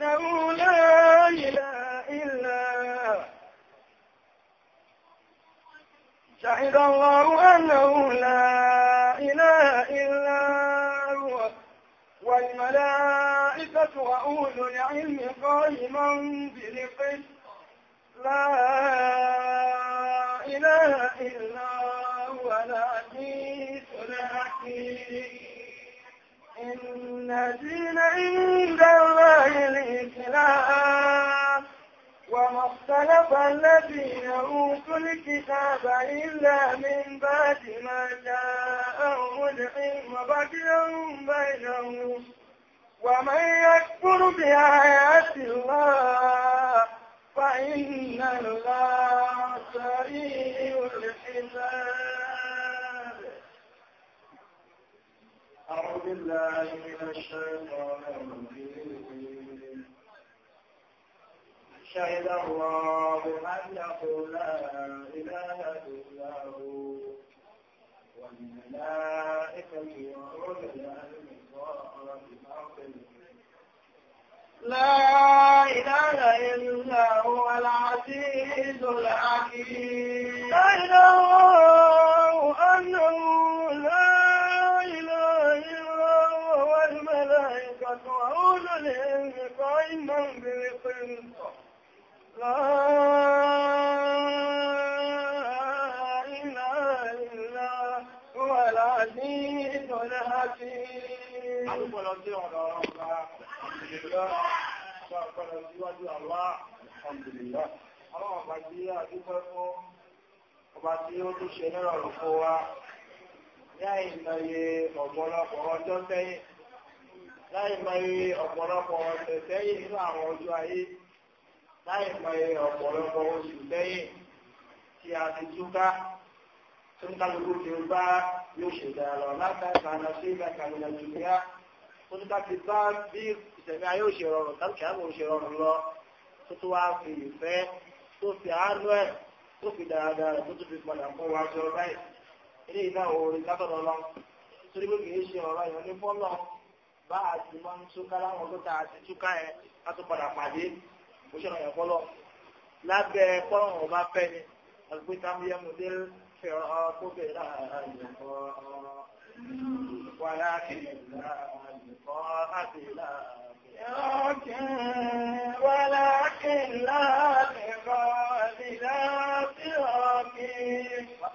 وحده لا إله إلا شهد الله أنه لا إله إلا هو والملائكة وأولو العلم قائما بالقسط لا إله إلا هو إن دين عند الله الإسلام وما اختلف الذين أوتوا الكتاب إلا من بعد ما جاءهم العلم بغيا بينهم ومن يكفر بآيات الله فإن الله سريع الحساب أعوذ بالله من الشيطان الرجيم شهد الله أن يقول لا إله إلا هو والملائكة وأولي العلم قائما لا إله إلا هو العزيز الحكيم لا إله إلا عليهم ọba tí ó tún ṣe lẹ́rọ̀ lọ́pọ̀ wa, ní àìmọye ọ̀pọ̀lọpọ̀ ọjọ́ tẹ́yìn láì mọye ọ̀pọ̀lọpọ̀ ọ̀sẹ̀ sẹ́yìn nínú àwọn ọjọ́ ayé láì mọye ọ̀pọ̀lọpọ̀ oṣù sẹ́yìn tí a ti túká tó ń kálukú ti ń bá yóò ṣe dáadọ̀ látàrí àná sí ìgbàkàmìnà jùlọ tó ń ká ti bá bí ìṣẹ̀lẹ̀ ayé òṣèré ọ̀rọ̀ tàbí àwọn òṣèré ọ̀rọ̀ lọ tó tó wá fi ìfẹ́ tó fi àánú ẹ̀ tó fi dáadáa rẹ̀ tó tó fi padà fún wa sọ báyìí bá a ti máa ń túká láwọn ọdún tá a ti túká ẹ ká tó padà pàdé bó ṣe ràn yàn fọlọ lábẹ́ pọ́nrán ọba fẹ́ ni àgbẹ̀ tábíyẹ́mu dé fẹ̀rọ kó bẹ̀rẹ̀ láàárín ìfọ̀ wàlá kìlá ìfọ̀ láti láàárín. ولكن لا بغالي لا بغالي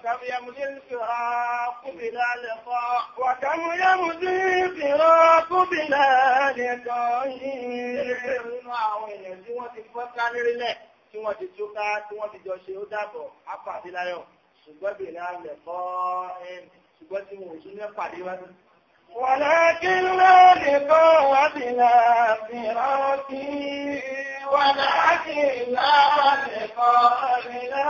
وكم يمضي الفراق بلا لقاء وكم يمضي الفراق بلا لقاء nínú àwọn èèyàn tí wọ́n ti fọ́ká lérílẹ̀ tí wọ́n ti túká tí wọ́n ti jọ ṣe ó dàbọ̀ apàdé láyọ̀ ولكن لا لقوتنا فراتي ولكن لا لقوتنا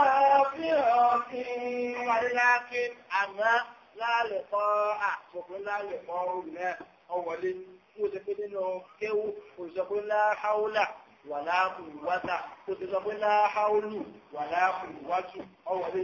فراتي ولكن أما لا لقاء ṣùgbọ́n لا لقاء náà ọwọ́lé ó ti pé nínú kéwù òṣìṣẹ́kún láháúlà wà láàkùnwátà ó ti sọ pé láháúlù wà láàkùnwátù ọwọ́lé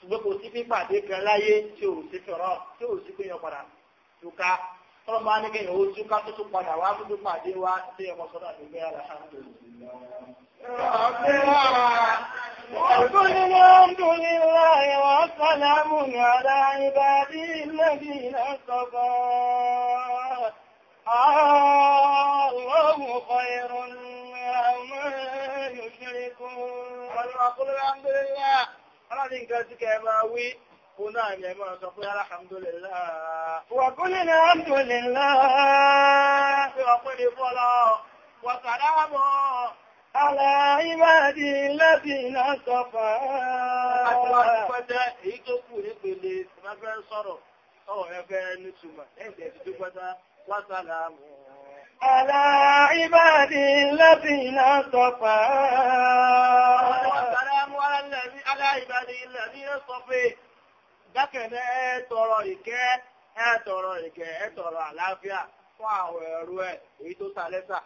ṣùgbọ́n kò sí pípàdé kan láyé tí ò sí fẹ̀rọ̀ tí ò sí péyàn padà túká tọ́lọ́ máa ní kéèyàn ó túká tó tún padà wá tó tún pàdé wá sí ẹ̀kọ́ sọ́dọ̀ àti ìgbéyà làṣà ń tòun. وكل الحمد لله وسلام على عباده لله ọlọ́ni nǹkan tí kẹ máa wí fún náà ni ẹ máa sọ pé alhamdulillah wàkúlẹ̀ ní alhamdulillah pé ọpẹ́ ní fọ́lọ́ wàsàdámọ́ ala ibadi alladhina safa àti wọ́n ti pẹ́tẹ́ èyí tó kù nípele ìfẹ́ sọ̀rọ̀ ọ̀rọ̀ ẹgbẹ́ nítumọ̀ ẹ̀jẹ̀ ala ibadi alladhina ìbàdí ilẹ̀ ní ẹ̀sọ́fẹ́ dákẹ̀ẹ́ ẹ̀tọ̀rọ ìkẹ́ ẹ̀tọ̀rọ ìkẹ́ ẹ̀tọ̀rọ àlàáfíà fún àwọn ẹ̀rú ẹ̀ èyí tó ta lẹ́sà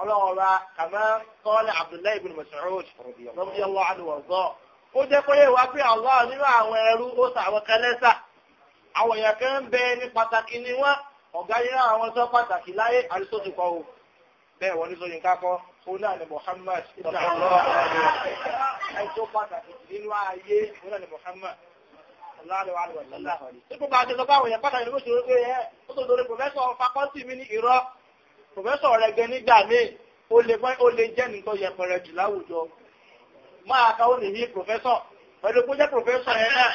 ọlọ́ọ̀ra kàmá sọ́ọ́lẹ̀ Abdullahi ibn Mas'ud radiyallahu anhu wọ̀zọ́ ó jẹ́ pé wá pé Allah nínú àwọn ẹ̀rú ó ta àwọn kan lẹ́sà àwọn pàtàkì láyé àrísọ́tù kọ́ o bẹ́ẹ̀ wọ́n ní sọ́yìn ká kọ́ ọ̀nà ni Muhammad ẹ̀tọ́ pàtàkì nínú ayé ọ̀nà ni Muhammad láàrin àríwá ìlàláwà rí. Tí kò bá jẹ́ sọ báwọn èèyàn pàtàkì ló ṣe wípé ẹ́ ó tó lórí pòfẹ́sọ̀ fakọ́tì mi ní irọ́ pòfẹ́sọ̀ rẹ̀ gẹ nígbà míì ó lè pẹ́ ó lè jẹ́ nìkan yẹpẹrẹ jù láwùjọ. Máa ka ó lè yí pòfẹ́sọ̀ pẹ̀lú kó jẹ́ pòfẹ́sọ̀ yẹn náà.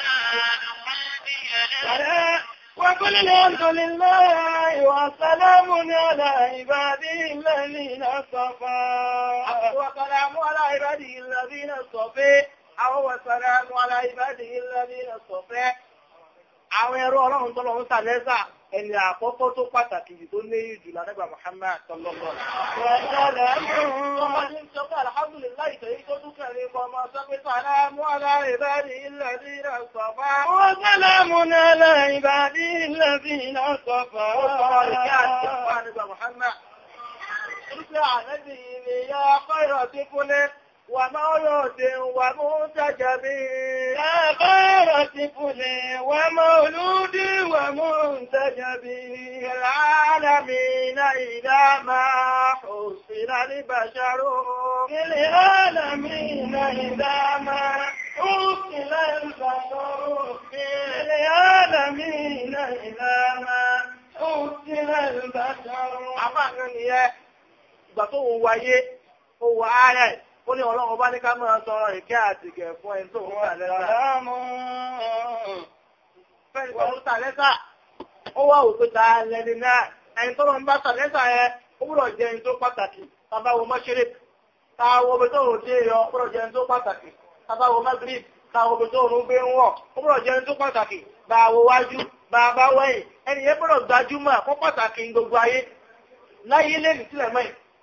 وقل الحمد لله وسلام على عباده الذين اصطفى وسلام على عباده الذين اصطفى أو وسلام على عباده الذين اصطفى أو يروا لهم طلعوا سلسة ẹni àkọ́kọ́ tó pàtàkì tó léyìn jù lánàgbà Muhammad tọ́lọ́lọ́ Ìgbẹ́ àrẹ́bìnrin ni yá fẹ́rọ̀ tí kúnlẹ̀ ومولود ومنتجبي لا غير طفلي ومولودي ومنتجبي العالمين إلى ما حصل البشر العالمين إلى ما حصل البشر العالمين إلى ما حصل البشر أما أن يا بطو ويه هو عالم ó ní ọlọ́run bá ní ká máa ìkẹ́ àti fún ẹni tó ń tà lẹ́sà. ta lẹ́ni náà ẹni tó ń bá tà lẹ́sà ó ẹni tó pàtàkì tàbáwo mọ́ṣẹ́rẹ́ tàwọn omi tó dé yọ ó ẹni tó pàtàkì tàbáwo tó ń gbé ń wọ̀ ó tó pàtàkì wájú wẹ̀yìn ẹni yẹn gbajúmọ̀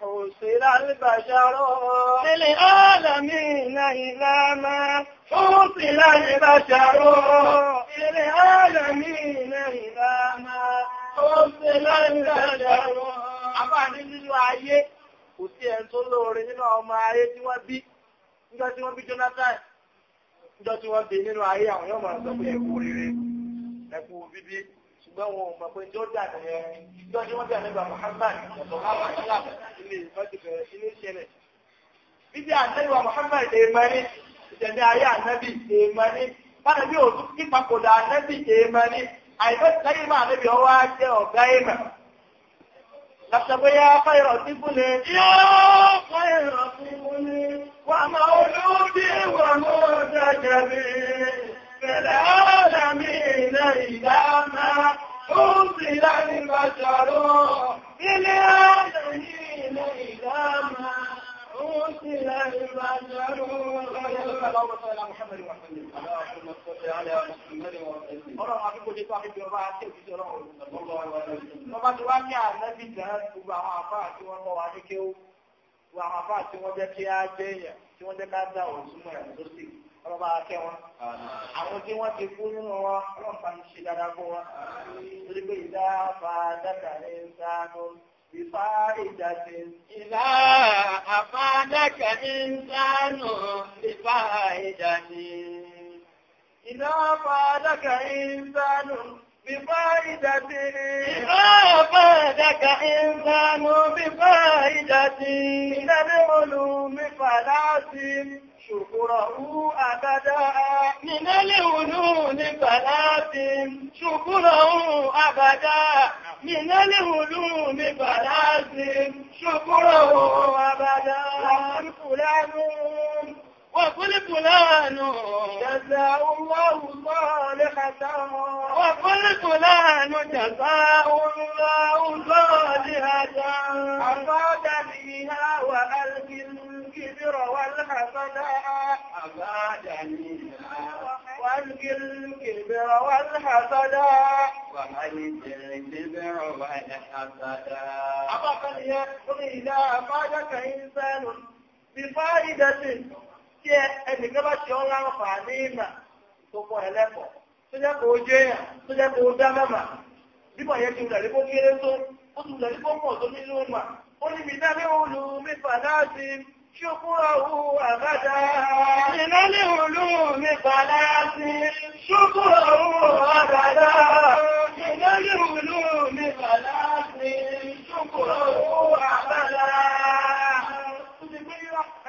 حسر البشر للعالمين إلى ما حسر البشر للعالمين إلى ما حسر البشر Àbáàdé nínú ayé, kò sí ẹn tó lóore nínú ọmọ ayé tí wọ́n bí, níjọ́ tí wọ́n bí Jonathan, níjọ́ tí wọ́n bí nínú ayé àwọn yọ́mọ̀ ọ̀sọ̀ pé ẹkù rere, ẹkù bíbí, ṣùgbọ́n wọn ò mọ̀ pé tí ó dà nìyẹn tí ọjọ́ wọn dà nígbà Muhammad ọ̀tọ̀ káwọn islam ilé ìfọ́jú bẹ̀rẹ̀ sí bíbí àtẹ́wà Muhammad èèmọ́ni ìṣẹ̀lẹ̀ ayé ànábì èèmọ́ni bára bí òtú kípakòdà ànábì èèmọ́ni àìfẹ́ sẹ́yìn máa níbi ọwọ́ ajẹ́ ọ̀gá èèmọ̀. lọ́sọ̀gbẹ́yà fáyọ̀rọ̀ tí fúnni yóò fáyọ̀rọ̀ tí fúnni wà máa أنزل البشر إلى دليل إلى ما أنزل البشر اللهم صل على محمد وسلم اللهم صل على محمد وسلم ọ̀rọ̀ àdúgbò ní pàkí bí ọba àti òbí sọ̀rọ̀ ọ̀rọ̀ ọba tí wá ní ànábì dáná gbogbo àwọn afá àti wọn kọ wá ní kéwú gbogbo àwọn afá àti wọn jẹ́ kí á jẹ́ èèyàn tí wọ́n jẹ́ ká dá òun súnmọ́ ẹ̀ lọ́sìn ọlọ́ba akẹ́ wọn àwọn tí wọ́n ti kú nínú wọn ọlọ́pàá ń ṣe dáadáa fún wọn torí pé ìdá fa dáta ní sáánú ìfá ìjàsí. ìdá àfa dáta ní sáánú ìfá ìjàsí. ìdá fa dáta ní sáánú. بفائدة إذا فادك إنسان بفائدة من العلوم فلازم شكره أبدا من الهنون فلازم شكره أبدا من الهنون فلازم شكره أبدا وقل فلان وقل فلان جزاء الله صالحة وقل فلان جزاء الله صالحة فيها وألقي الأجر والحسناء أبادني والقل الكبر والحسناء ومن الكبر والحسناء أفقد يقضي إذا أفادك إنسان بفائدة شيء بشيء láǹfààní mà tó kọ́ ẹlẹ́kọ̀ọ́ tó jẹ́ kó jẹ́ yàn tó jẹ́ ó tún tó nínú شكره أبدا من العلوم فلاسي شكره أبدا من العلوم فلاسي شكره أبدا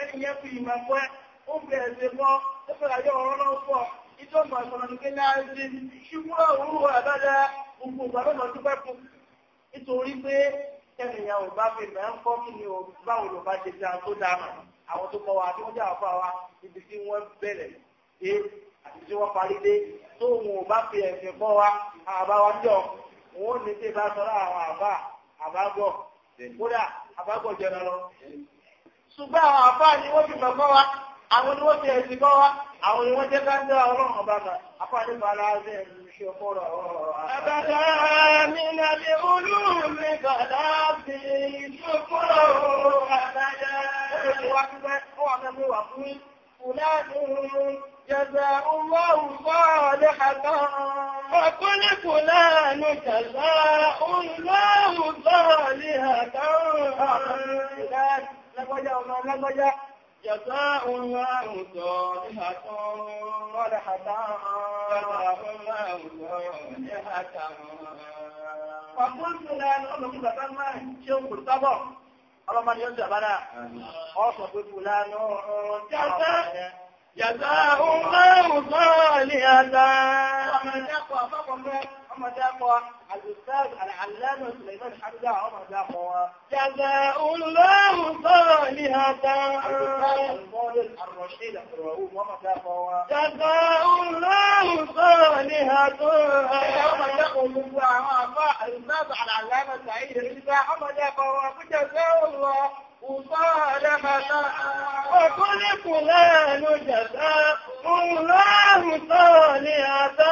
ẹniyẹ fi ìmọ̀ fún ẹ ó bẹ̀rẹ̀ sí mọ́ ó fẹ́rẹ̀ ayé ọ̀rọ̀ náà pọ̀ ìjọ mọ̀ ìsọ̀rọ̀ nígbẹ́ náà sí ṣùgbọ́n òwúrò àbádá gbogbo ìgbàlọ́mọ̀ dúpẹ́ fún nítorí pé tẹ́lẹ̀ yẹn ò bá fi bẹ̀ ń kọ́ kí ni o báwo ló bá ṣe dáa tó dáa mọ̀ àwọn tó kọ́ wa tí wọ́n jẹ́ àwọn fáwa ibi tí wọ́n bẹ̀rẹ̀ dé àti tí wọ́n parí dé tó wọn ò bá fi ẹ̀sìn kọ́ wa àbá wa jọ wọn ní tí bá sọ àwọn àbá àbágọ̀ kódà àbágọ̀ jẹrán lọ. ṣùgbọ́n àwọn àbá ni wọ́n fi mọ̀ kọ́ wa àwọn ni wọ́n ti ẹ̀sìn kọ́ wa àwọn ni wọ́n jẹ́ ká ọlọ́run ọba kan àfáà أبدا من العلوم فلا في شكرا أبدا واعلم وقل فلان جزاء الله صالحا فقل فلان جزاء الله صالحة فلان لقد يوم لقد جزاء الله صالحة صالحة جزاء الله صالحة فقلت لا نؤمن بك ما شوف الصبر ọlọ́mọ ni ó jẹ́ bára ọ̀sọ̀ pé kù lánàá ọ̀rọ̀ jẹ́ ọ̀sán عمر داقوى الأستاذ العلامة سليمان حمزة عمر داقوى جزاء الله صالحة الفاضل الرشيد الرؤوف عمر داقوى جزاء الله صالحة عمر الأستاذ العلامة سعيد الرجاء عمر داقوى جزاء الله مصالحة وكل فلان جزاء الله صالحة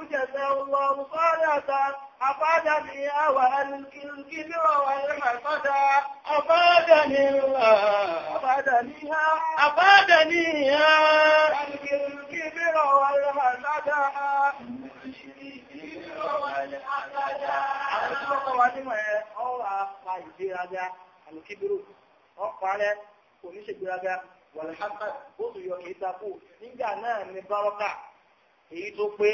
وجزاء الله صالحة أفادني وأن الكبر والحسد أفادني الله أفادني أفادني الكبر والحسد Àwọn tí wọ́n kọ́ wa nímọ̀ ẹ, ọ wà pa ìgbéraga, àlùkíbírò, ọ parẹ́, kò ní ṣe gbéraga, wà lè ṣáfà, ó sì yọ kìí takú. Nígbà náà ni bárọ́kà, èyí tó pé,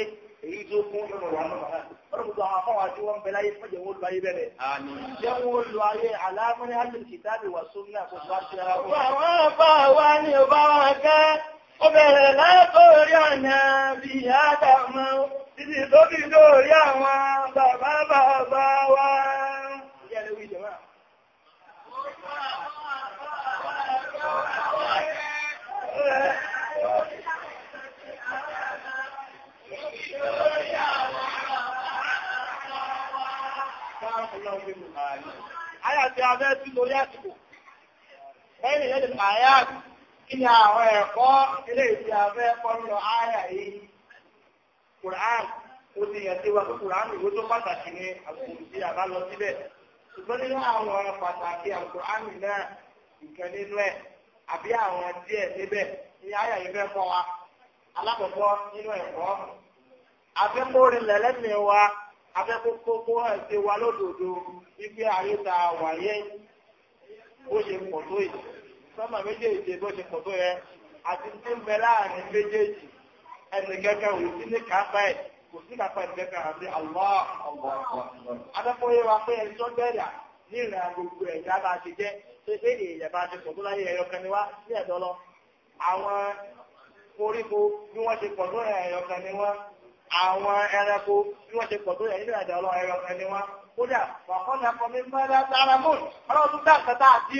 èyí tó kún nínú wà nínú wàhálà. Wọ́n mú àwọn afọ́wà tí wọ́n bẹ láyé fọ́jẹ̀ wọ́n lu ayé bẹ̀rẹ̀. Jẹ́ wọ́n lu ayé àlámọ́ni Alil Kitabi wà Sunna tó bá ṣe ara wọn. Àwọn afọ́wà ni ò bá wọn kẹ́. ọbẹ̀rẹ̀ látọ̀rí àná bí i àdàmọ́ títí tó bí lórí àwọn bàbá bàbá wa. Ayàtí abẹ́ sí lórí àsìkò, ẹ̀yìn yẹ́ lè kí ni àwọn ẹ̀kọ́ ilé abe abẹ́ ẹ̀kọ́ ń yìí Quran ó ti tó pàtàkì ni àkùnkùn sí àbá lọ síbẹ̀ ṣùgbọ́n nínú àwọn ọ̀rọ̀ pàtàkì Quran náà nǹkan nínú ẹ̀ àbí àwọn díẹ̀ níbẹ̀ ní áyà yìí fẹ́ kọ́ wa alákọ̀ọ́kọ́ nínú ẹ̀kọ́ afẹ́kọ́rin lẹ́lẹ́mìí wa wa ta ó ṣe pọ̀ sọ́mà méjèèjì bó ṣe pọ̀ tó yẹ àti tí ń bẹ láàrin méjèèjì ẹnì kẹ́kẹ́ òun sí ní kápá ẹ̀ kò sí kápá ẹnì kẹ́kẹ́ àti àlọ́ adẹ́kọ̀ọ́yẹ wa pé ẹni tó bẹ̀rẹ̀ ní ìrìn àgbègbè ẹ̀dá bá ṣe jẹ́ pé pé èèyàn bá ṣe pọ̀ tó láyé ẹ̀yọ kan ni wá sí ẹ̀dọ́ lọ àwọn koríko bí wọ́n ṣe pọ̀ tó ẹ̀yọ kan ni wọ́n àwọn ẹranko bí wọ́n ṣe pọ̀ tó ẹ̀yìn ìrìn àjọ ọlọ́ ẹ̀yọ kan ni wọ́n kódà wàkọ́ni akọmi mẹ́rẹ́ tára mọ́ọ̀lù ọlọ́run tó dá nǹkan tá a dì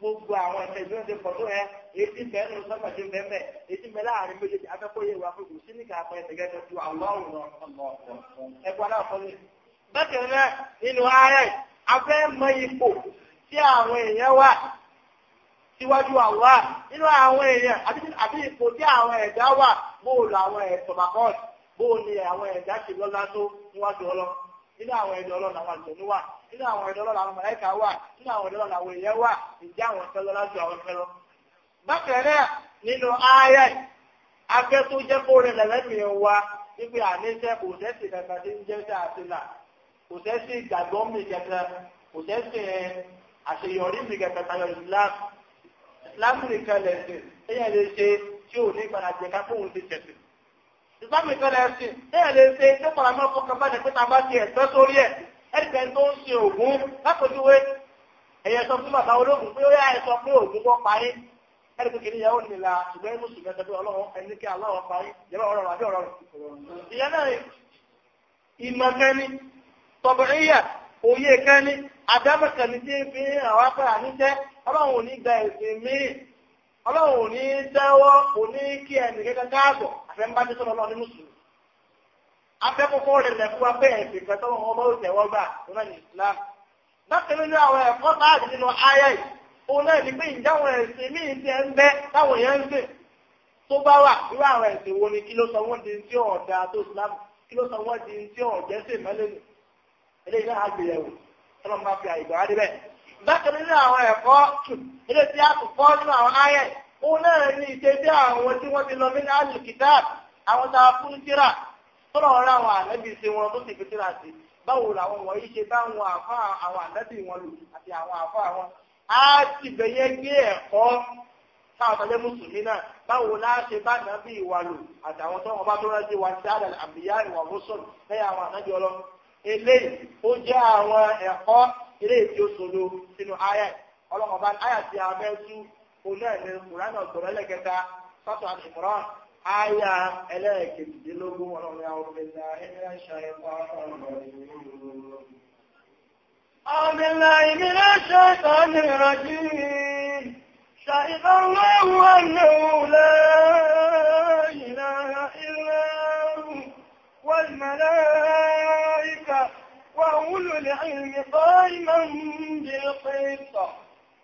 gbogbo àwọn ẹ̀fẹ́ ìlú ẹ̀dẹ́ pọ̀ tó ẹ èyí bẹ́ẹ̀ ló sọ́gbà tó bẹ́ẹ̀ bẹ́ẹ̀ láàrin méjèèjì afẹ́kọ̀ọ́ wà fún kò sí níkà àpọ̀ ẹ̀sẹ̀ gẹ́gẹ́ ju àwòrán ẹ̀kọ́ aláàfọ́lẹ̀. bákan náà nínú ààrẹ afẹ́ mọ ipò tí àwọn èèyàn wà síwájú àwọn nínú àwọn ìdọ́lọ́ làwọn mọ̀láìkà wà nínú àwọn ìdọ́lọ́ làwọn èèyàn wà ìjà àwọn ìfẹ́lọ́ lájú àwọn ìfẹ́lọ́. bákan náà nínú ayé afẹ́ tó jẹ́ kó rẹ̀ lẹ́lẹ́mìí wa wípé àníṣe kò sẹ́sì kankan tí ń jẹ́ sí àtìlà kò sẹ́sì ìgbàgbọ́ mi kẹta kò sẹ́sì àṣeyọrí mi kẹta tayọ Islam Islam nìkan lẹ̀sìn ẹ̀yẹ́ lè ṣe tí ò ní ìgbàlàjẹ kápóhùn ti Islam ìsọ́mìtọ́lẹ̀ ẹ̀sìn ẹ̀yẹ́ lè ṣe tó pàrọ̀ mọ́ fọkàn bá ní pé ta bá ti ẹ̀tọ́ sórí ẹ̀ ẹnìkan tó ń ṣe ògùn lápòjúwe ẹ̀yẹ sọ fún bàbá ológun pé ó yá ẹ sọ pé ògùn wọn parí ẹnì kékeré yẹn ó nílà ṣùgbọ́n mùsùlùmí ẹ̀sẹ̀ pé ọlọ́run ẹni kí aláwọ̀ parí yẹ́bà ọ̀rọ̀ àbí ọ̀rọ̀ ìyẹn náà ìmọ̀ kan ni tọ̀bìrìyà òye kan ni àdámọ̀ kan ni tí fi àwọn apá àníjẹ́ ọlọ́run ò ní gba ẹ̀sìn míì ọlọ́run ò ní dáwọ́ kò ní kí ẹnì kẹ́kẹ́ káàbọ̀ àfẹ́ ń bá dé sọ́nà ọlọ́run ní mùsùlùmí afẹ́kọ̀kọ́ rẹ̀ lẹ̀ fún wa pé ẹ̀sìn kan tọ́wọ́ wọn bá ó gbà tó náà ní Islam nínú àwọn ẹ̀kọ́ nínú ayé òun náà ní pé ìjáwọn ẹ̀sìn ń táwọn èèyàn ń tó di tí ọ̀dà tó Islam kí ló sọ wọ́n di tí ọ̀jẹ́ sì mẹ́lẹ́nu eléyìí náà àgbèyẹ̀wò tọ́lọ́ tọ́lọ̀ ọ̀rọ̀ àwọn ànábì ṣe wọn tó sì fi síra sí báwo làwọn wọ̀nyí ṣe táwọn àfa àwọn ànábì wọn lò àti àwọn àfa wọn á ti bẹ̀yẹ gbé ẹ̀kọ́ táwọn mùsùlùmí náà báwo láṣẹ bá ànábì wa lò àtàwọn tó wọn bá tó rántí wa ti àdàlẹ àbíyá ìwà mùsùlùmí lẹ́yìn àwọn ànábì ọlọ́ eléyìí ó jẹ́ àwọn ẹ̀kọ́ eléyìí tí ó sòdo sínú ayẹ ọlọ́mọba ayẹ ti abẹ́ tú onáà آية إليك جلوبهم ونعوذ بالله من الشيطان الرجيم بالله من الشيطان الرجيم شهد الله أنه لا إله إلا هو والملائكة وأولو العلم قائما بالقسط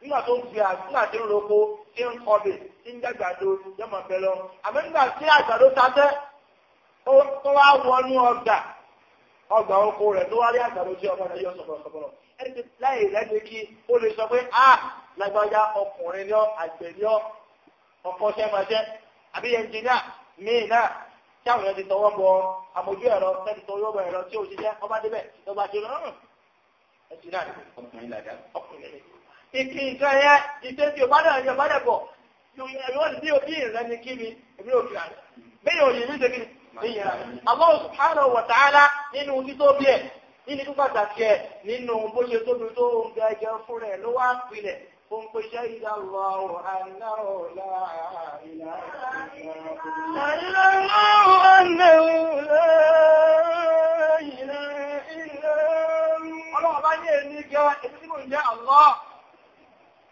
nígbà tó ń fi àgbà tí ń roko tí ń kọbè tí ń dàgbàdo yọmọ bẹ lọ àmọ́ nígbà tí àgbàdo tatẹ́ tó wá wọnú ọgbà ọgbà oko rẹ̀ tó wá rí àgbàdo tí ọmọ rẹ̀ yọ sọ̀bọ̀sọ̀bọ̀ ẹni tí láì lẹ́nu kí ó lè sọ pé a lágbájá ọkùnrin ni ọ àgbẹ̀ ni ọ ọkọ sẹ́mọṣẹ́ àbí ẹnjìnìà míì náà tí àwọn èèyàn ti tọwọ́ bọ àmójú ẹ̀rọ tẹ́tí tọwọ́ bọ ẹ̀rọ tí ò ọba débẹ̀ lọ́ba ṣe lọ́rùn ẹnjìnìà ọkùnrin làdá ọkùnrin ìpín nǹkan ẹ̀ iṣẹ́ tí o bá dẹ̀ ẹ̀yẹ bá dẹ̀ bọ̀ yóò ní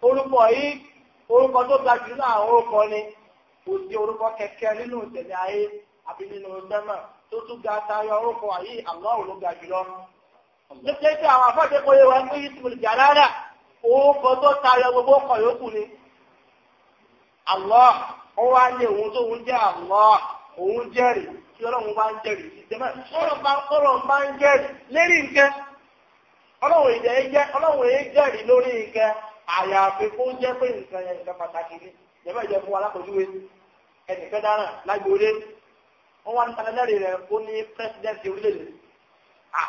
orúkọ yìí orúkọ tó ga jù náà àwọn orúkọ ni kò sí orúkọ kẹkẹ nínú ìṣẹ̀lẹ̀ ayé àbí nínú sẹ́mà tó tún ga tayọ orúkọ yìí àwọn òun ló ga jù lọ. nítorí pé àwọn afọ́jẹ́ kò yẹ wá pé yìí tìmọ̀lì jà rárá orúkọ tó tayọ gbogbo ọkọ̀ yòókù ni. Allah ó wá ní òun tó ń jẹ́ òun jẹ́rìí tí ọlọ́run bá ń jẹ́rìí ọlọ́run bá ń jẹ́rìí nǹkan àyàfi kó jẹ́ pé nǹkan yẹn nǹkan pàtàkì ni jẹ́bẹ̀ jẹ́ fún alákòjúwe ẹnìkan dára lágbóore wọ́n wá ní tanẹ́lẹ́rì rẹ̀ ó ní pẹ́sidẹ́ntì orílẹ̀-èdè à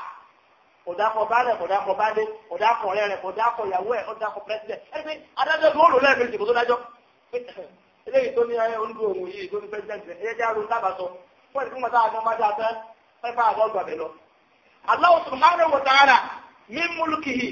kòdákọ̀ baálẹ̀ kòdákọ̀ baálé kòdákọ̀ ọ̀rẹ́ rẹ̀ kòdákọ̀ ìyàwó ẹ̀ kòdákọ̀ pẹ́sidẹ̀ntì ẹgbẹ́ adájọ́ tó rò lẹ́ẹ̀mejì kò tó dájọ́ eléyìí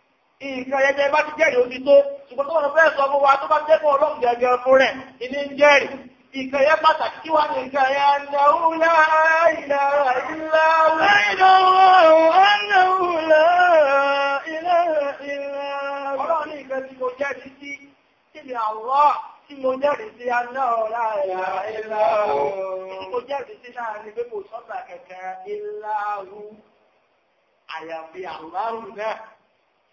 nǹkan ẹgbẹ́ bá ti jẹ́rìí ó ti tó ṣùgbọ́n tó wọ́n fẹ́ sọ fún wa tó bá jẹ́ fún ọlọ́run gẹ̀gẹ̀ fún rẹ̀ ìní ń jẹ́rìí nǹkan yẹn pàtàkì kí wá ní nǹkan yẹn anáwúlá ìlàrà ìlàrà ìlàrà ọlọ́run ní nǹkan tí mo jẹ́rìí sí kí ni àwọ̀ tí mo jẹ́rìí sí anáwúlá ìlàrà ìlàrà tí mo jẹ́rìí sí náà ni pé kò sọ́gbà kẹ̀kẹ́ ìlàrú àyàfi àwárù náà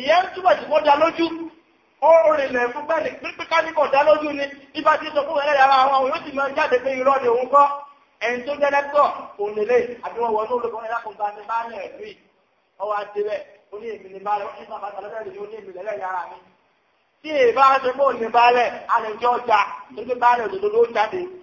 ìyẹn ń túbọ̀ tí wọ́n dá lójú ó rìnlẹ̀ fún bẹ́ẹ̀lì pípíká ní kọ̀ dá lójú ni ibà tí sọ fún ẹlẹ́yà ara wọn yóò ti máa jáde pé irọ́ ni òun kọ́ ẹni tó jẹ́ lẹ́tọ̀ òun lélẹ̀ àbí wọn wọnú olùkọ́ ẹ̀dá kan bá ní bá ní ẹ̀rí ọwọ́ àti rẹ̀ ó ní èmi ní bá rẹ̀ ó ní bàbá tàbí ó ní èmi lẹ́lẹ́yà ara mi tí èèbá ṣe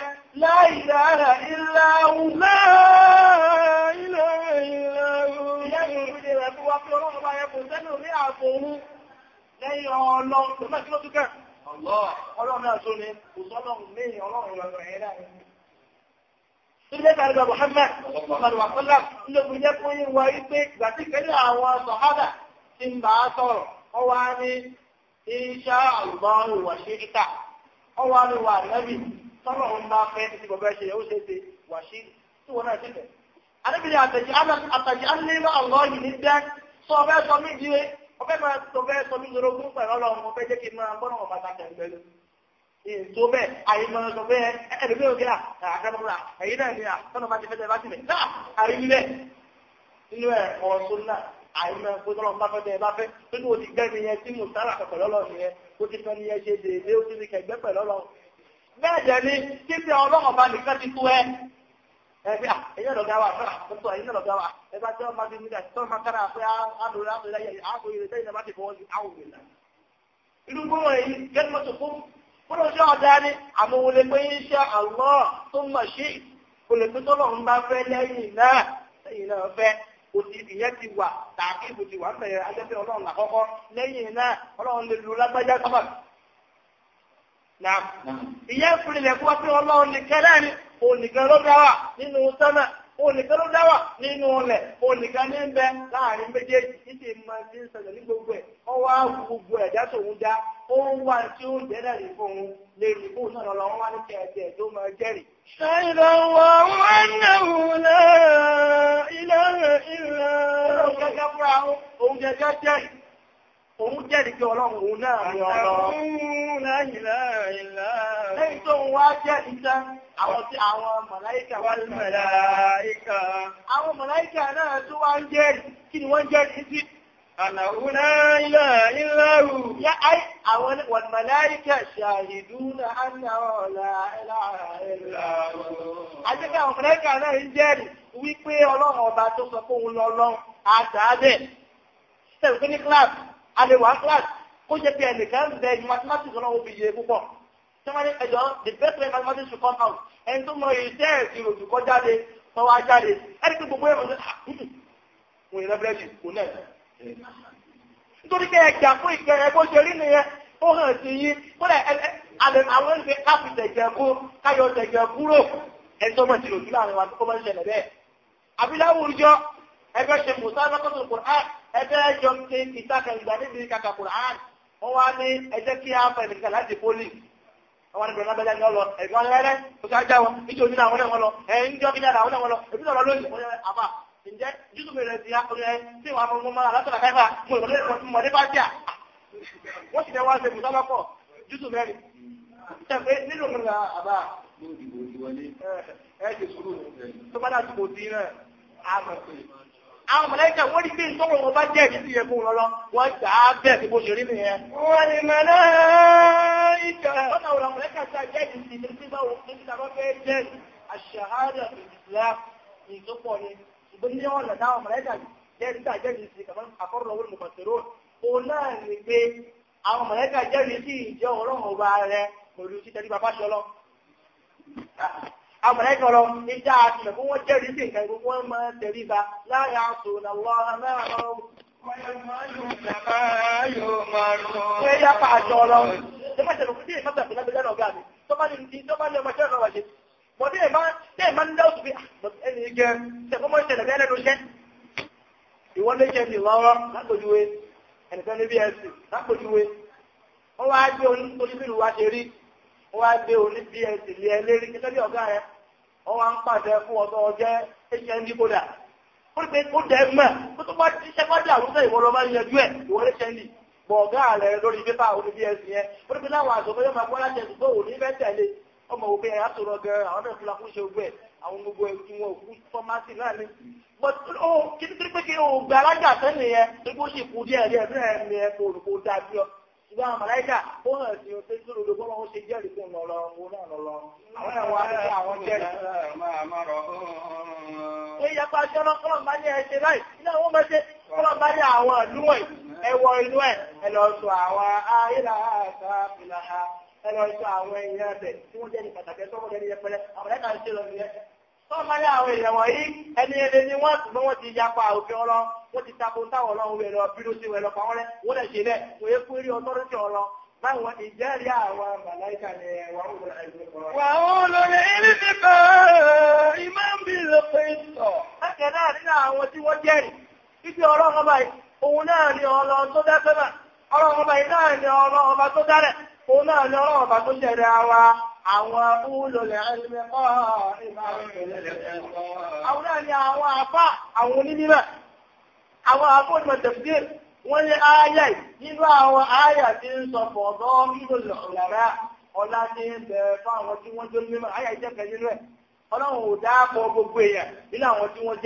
لا إله إلا هو لا إله إلا هو lẹ́yìn ọlọ́run tó mẹ́kí ló túnkẹ́ ọlọ́run náà tó ní òsọ́lọ́run lẹ́yìn ọlọ́run ìrọ̀lọ́rọ̀ ẹ̀rẹ́ rẹ̀ ilé kàrìbà Muhammad ọmọdúnwà fọ́lá lóbi jẹ́ fún yí wọ ipé gbàtí pẹ̀lú àwọn sọ̀hádà tí ń bá sọ̀rọ̀ ọwá ní iṣẹ́ àlùbọ́rùn wà ṣe kíkà ọwá ní wà lẹ́bìí tọ́lọ̀ ń bá fẹ́ ti bọ̀bọ̀ ẹ̀ṣẹ̀ yóò ṣe ṣe wà sí tí wọ́n náà ṣe fẹ́. arábìnrin àtẹ̀jì àtàjì alẹ́lá ọ̀rọ̀ yìí ní dẹ́ sọ ọbẹ̀ sọ mí di ọbẹ̀ máa sọ bẹ́ẹ̀ sọ mí lórogún pẹ̀lú ọlọ́run ọbẹ̀ jẹ́ kí n máa gbọ́nà ọ̀bà tàkẹ́ pẹ̀lú. ètò bẹ́ẹ̀ àyè máa sọ bẹ́ẹ̀ ẹ̀ẹ́dẹ̀gbẹ́ òkè à àkàbọ̀rà ẹ̀yìn náà ni à tọ́nà bá ti fẹ́ tẹ̀ bá ti mẹ̀ náà àrí nílẹ̀ nínú ẹ̀kọ́ sọ́nà àìmọ̀ ẹ̀kọ́ tọ́lọ̀ bá fẹ́ bá bẹ́ẹ̀ jẹ́ ní kí ní ọlọ́run bá nìkan ti tó ẹ ẹbí à ẹyẹ lọ́gá wa fẹ́ra tó ẹyẹ lọ́gá wa ẹgbà tí wọ́n máa di nígbà tí wọ́n máa kára pé àlùrẹ́ àlùrẹ́ ayẹyẹ àbò ìrẹ́ lẹ́yìn náà bá ti fọwọ́ sí àwọn ìlà. irú gbọ́dọ̀ èyí gẹ́gẹ́ mọ́tò fún gbọ́dọ̀ ṣé ọ̀dà ni àmọ́ wo lè pé iṣẹ́ àlọ́ tó mọ̀ sí kò lè pé tọ́lọ̀ ń bá fẹ́ lẹ́yìn náà lẹ́yìn náà fẹ́ òtí ìyẹn ti wà tààkì ìbòtí wà ń bẹ̀rẹ̀ ajẹ́pẹ́ ọlọ́run àkọ́kọ́ lẹ́yìn náà ọlọ́run lè lu lágbájá sábà Nàà. Ìyá ìpínlẹ̀ kó wá pé ọlọ́run nìkan náà ni, òǹnìkan ló dá wà nínú sánà, òǹnìkan ló dá wà nínú ọlẹ̀, òǹnìkan ní ń bẹ láàrin méjèèjì títí máa ti ń sọ̀rọ̀ ní gbogbo ẹ̀. Ó wá gbogbo ẹ̀dá tòun dá, ó ń wá tí ó jẹ́ náà fún un lè rí bó náà lọ́la wá ní kí tó máa jẹ́rìí. Ṣáìlọ wà wọ́n náà wùlẹ̀ ilẹ̀ ilẹ̀. Ó òun jẹ́rìí pé ọlọ́run òun náà ni ọlọ́run. lẹ́yìn tó ń wá jẹ́rìí tán àwọn tí àwọn màláíkà wá ní màláíkà. àwọn màláíkà náà tó wá ń jẹ́rìí kí ni wọ́n jẹ́rìí sí. Ànàwúná ilá ìlàrù. Yá áì àwọn wàlmàláíkà ṣàhìdúnà ànàwọ̀ ọ̀la ìlàrù. Àjẹ́kà àwọn màláíkà náà ń jẹ́rìí wípé ọlọ́run ọba tó sọ fóun lọ́lọ́run àtàbẹ̀. Ṣé ìpínlẹ̀ kíláàsì àlewà class kó jẹ́ pé ẹnìkan bẹ ní mathematics náà ó fi yé púpọ̀ sọ́mọ́ni ẹ̀jọ́ the best way mathematics should come out ẹni tó mọ iṣẹ́ ìṣirò tó kọ́ jáde tó wá jáde ẹni tó gbogbo ẹ̀rọ wọn ìrẹ́ bẹ́ẹ̀ kò náà nítorí pé ẹ̀jà fún ìkẹ́ ẹgbẹ́ òṣèré nìyẹn ó hàn sí yí kódà àwọn ẹni pé káfí tẹ̀jẹ̀ kú káyọ̀ tẹ̀jẹ̀ kúrò ẹni tó mọ̀ ìṣirò tó láàrin wa tó mọ̀ ìṣẹ̀lẹ̀ bẹ́ẹ̀ àbíláwùrújọ ẹgbẹ́ ṣe mùsàlùmọ́tò ẹgbẹ́ ẹjọ ń ṣe ìtàkàgbà níbi kàkà Kùrán wọ́n wá ní ẹjẹ́ kí á fẹ́ nìkan láti pólì àwọn ẹgbẹ́ lábẹ́jà ni wọ́n lọ ẹ̀gbẹ́ wọn rẹ́rẹ́ kò sí ajá wọn níjẹ́ òní làwọn náà wọn lọ ẹ̀ ń jọ́ kíjà làwọn náà wọn lọ èmi náà lọ lóyún wọn yẹn àbá ǹjẹ́ jùlọ mi rẹ̀ sí akọni ẹ tí wàá fọwọ́ mọ́ alátọ̀lá káfà mo ìwọlé mọ̀dé bá jà wọ́n sì fẹ́ wá ṣe mùsàlọ́pọ̀ àwọn mọ̀lẹ́kà wọ́n rí pé ìtọ́rọ̀ wọn bá jẹ́ ìrísí yẹ fún lọ́lọ́ wọ́n gbà á bẹ̀ sí bó ṣe rí nìyẹn. wọ́n ní mọ̀lẹ́kà. wọ́n náà wọ́n mọ̀lẹ́kà tá jẹ́ ìrísí ní sí báwo ní ìtàkọ́ fẹ́ jẹ́ àṣàhádà ìlà ìtọ́pọ̀ ni ṣùgbọ́n ní ọ̀nà táwọn mọ̀lẹ́kà jẹ́ ìrísí jẹ́ ìrísí kàmọ́ àkọ́rọ̀ wọn mọ̀tẹ̀rọ̀ òun náà ní pé àwọn mọ̀lẹ́kà jẹ́ ìrísí ìjọ ọlọ́run ọba rẹ pẹ̀lú títẹ́rí bàbá ṣọlọ́ amọ̀lẹ́kẹ̀ ọ̀rọ̀ ìjà àtìlẹ̀ fún wọ́n jẹ́rìí sí nǹkan gbogbo wọn máa tẹ̀rí ba láàrin àtò nàlọ́ àmẹ́rọ̀ ṣe yá pa àjọ ọ̀rọ̀ ṣe má ṣẹlẹ̀ fúdí ìmọ̀tà fún lábẹ́lẹ́ náà gáàmì tó bá ní ti tó bá ní ọmọ ṣẹ́ ọ̀rọ̀ ṣe mọ̀ tí èèmá tí èèmá ń dáwọ́ bí ah, ẹni jẹ ṣẹ̀fọ́ mọ́ ìṣẹ̀lẹ̀ bẹ́ẹ̀ lẹ́nu iṣẹ́ ìwọ́n lé jẹ́ ìlọ́rọ̀ lápòjúwe ẹnìkan ní bsc lápòjúwe wọ́n wá gbé wọ́n á gbé oní bsc lé ẹ lérí gẹ́gẹ́ bí ọ̀gá rẹ̀ wọ́n wá ń pàṣẹ fún ọ̀tọ̀ ọjẹ́ hnd kódà ó pé ó dẹ̀ mọ̀ ó tó bá ti ṣe bá dà lóṣẹ̀ ìwọ lọ bá yanjú ẹ̀ ìwọ lè ṣe ní bọ̀ ọ̀gá rẹ̀ lórí pépà oní bsc yẹn ó pé láwọn àṣọfẹ́ yóò máa gbọ́ láti ẹ̀sùn tó ò ní fẹ́ tẹ̀lé ọmọ òbí ẹ̀yà sọ̀rọ̀ gan àwọn bẹ̀rẹ̀ fúnra fún ṣe ogun ẹ̀ àwọn gbogbo ẹ̀kú wọn ni but ó kí ní pé ṣùgbọ́n àwọn ó hàn sí oṣù tó lòdò bọ́lá ó ṣe jẹ́rìí fún lọ́lọ́ owó náà lọ́lọ́ àwọn ẹ̀wọ̀n àti àwọn jẹ́rìí. ó yẹ pa aṣọ náà ní ẹ̀ṣẹ̀ báyìí iná wọ́n máa ṣe ní àwọn ìlú ẹ̀ ẹ̀wọ ẹ̀ ẹ̀ àwọn ayélujára àti wọ́n ti tako táwọn ọlọ́run rẹ̀ lọ bí ló ṣe wẹ̀ pa wọ́n rẹ̀ wọ́n lẹ̀ ṣe bẹ́ẹ̀ kò yẹ fún eré ọtọ́rọ́tì ọlọ báwọn ìjẹ́rìí àwọn màláìkà àwọn tí wọ́n jẹ́rìí títí ọlọ́run ọba àwọn àwọn náà àwọn àfà àwọn afọ́jọ tẹ̀sí wọ́n ní ayai nínú àwọn ayà tí ń sọ fọ̀ọ̀dọ́ ìrọ̀lẹ̀ ọ̀làrá ọlá tí ń bẹ àwọn tí wọ́n jó ní mímọ̀ ayà ìjẹ́kẹ̀ nínú ọlọ́run ò gbogbo èèyàn nínú àwọn tí wọ́n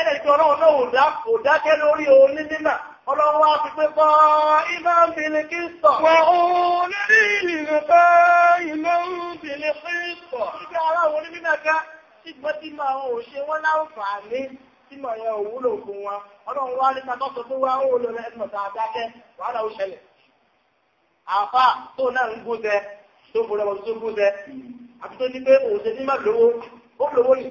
ẹ̀rẹ̀ tí ọlọ́run náà ò dákẹ́ lórí oní nímà ọlọ́run wá fi pé bọ́ iná ń fi ní kí sọ. wọ́n ó lórí ìlú pé iná ń fi ní kí sọ. ibi ara òun ní mímọ̀ ká ṣùgbọ́n tí màá ò ṣe wọ́n láǹfààní tí màá yẹn òwúlò fún wọn ọlọ́run wá nípa tó sọ pé wá ó lọ ẹ̀mọ̀ tá a dákẹ́ wàhálà ó ṣẹlẹ̀. àfa tó náà ń gún tẹ tó gbọdọ̀ tó gún tẹ àti tó ní pé òun ṣe ní má lówó ó lówó yìí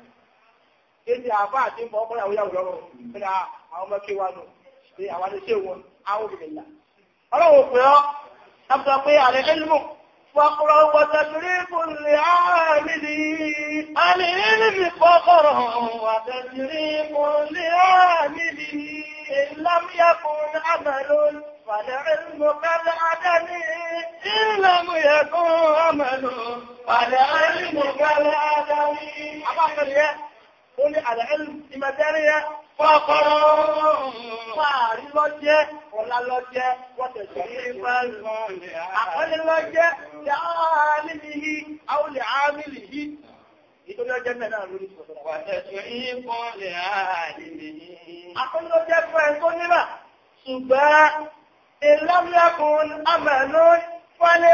kéde àbá àti mọ́ ọmọ ìyàwó yàwó lọ́rọ̀ nígbà àwọn ọmọ kí wà nù pé àwọn àlejò wọn àwọn obìnrin là. ọlọ́run pè ọ́ lábùsọ pé àlẹ́ ẹlmù fọkọrọ wọtẹ̀sírí kùnlé àmìlì àlẹ́ ẹlmì fọkọrọ wọtẹ̀sírí kùnlé àmìlì ìlàmìyàkùn àmàlónì. فالعلم كالعدم إن لم يكن عمل فالعلم كالعدم ó ní àlẹ́lù ìmẹ̀tẹ́rìyẹ fọ́kọ́rọ́ fàárí lọ́jẹ́ ọ̀la lọ́jẹ́ wọ́tẹ̀sí Ìtòlẹ́ ọjẹ́ mẹ́rin náà lórí ìfọ̀sọ̀rọ̀. Wàtẹ̀sùn yìí fún lè ààrẹ nìyí. Akọ́lẹ́ ọjẹ́ fún ẹ̀ tó níbà, ṣùgbọ́n ìlọ́mìlẹ́kùn àmàlú fọ́lẹ́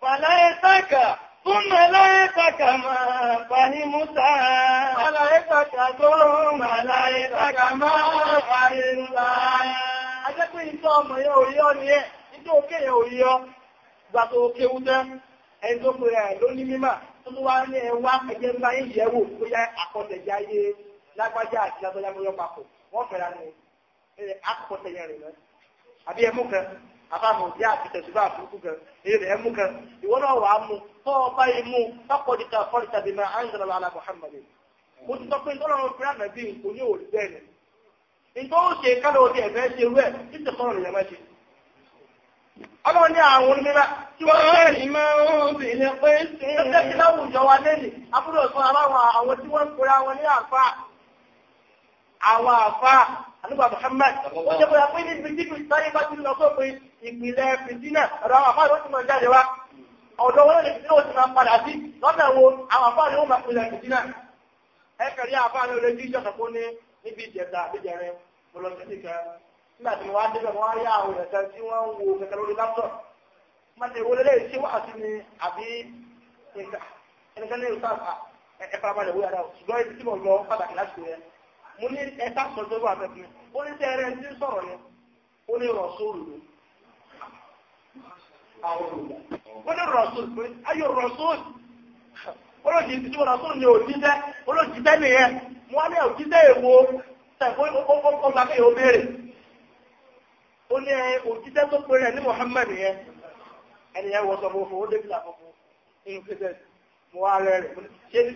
Fàláyétàkà fún mẹ́láyétàkà máa fàní Múta. Fàláyétàkà tó mẹ́láyétàkà máa fàní Múta. A jẹ́ pé ìtọ́ ọmọ yẹ òyíọ́ ni ẹ́, ìtọ́ òkè yẹ òyíọ́, gbà tó òkè wúdẹ́, ẹni tó pèrè ẹ̀ ló ní mímà, tó tó wá ní ẹwà ẹgbẹ́ mbáyé yẹ̀wò tó yá ni. akọ̀kọ̀ sẹ́yìn rẹ̀ lọ àbí ẹmú kan àbámu bí àfitẹ̀sùbá àfúrúkú kan èyí rẹ̀ ẹmú kan ìwọ náà wàá mú tọ́ ọba yìí mú tọkọ̀dìkà fọ́lìkà bímọ àǹzọ̀rọ̀ àlà Muhammad mo ti sọ pé ìtọ́lọ́run fi ránà bí nǹkan na òòlù bẹ́ẹ̀ ni nǹkan ó ṣe kálọ̀ o ẹ̀fẹ́ ṣe rú ẹ̀ títí ya ọ̀rọ̀ wọ́n ìmọ̀ obìnrin pé wa lẹ́yìn abúlé ọ̀sán aláwọ̀ àwọn tí wọ́n ń ní àfa àwọn àfa àlúgbà Muhammad ó jẹ́ pé àpé níbi tí kìí sáré bá ti lọ sópin ìpìlẹ̀ fìdínà ọ̀rọ̀ àwọn afárò ti máa jáde wá ọ̀dọ̀ wọn lè fi ó ti máa padà sí lọ́nà wo àwọn afárò ó máa pìlẹ̀ fìdínà ẹ kẹrí afárò lè dí ìjọ kàkó ní níbi ìjẹta àbíjẹrin mo lọ sí ìka nígbà tí wọ́n á débẹ̀ wọ́n á yá àwọn ìrẹ̀kẹ́ tí wọ́n ń wo kẹkẹ lórí láptọ̀ máa ti wọlé lẹ́yìn tí wọ́n àti ní àbí ẹnìkan ní ìrùsà mo ní ẹ̀ta sọ̀rọ̀ tó àfẹ́ ó ní tẹ́ tí ń sọ̀rọ̀ ó ní rọ̀súlù ni àwọn olùgbà ó ní rọ̀súlù pé ayò rọ̀súlù olóòjì tí ni òjíṣẹ́ olóòjì tẹ́ nìyẹn mo wá ní òjíṣẹ́ èwo tẹ̀kọ́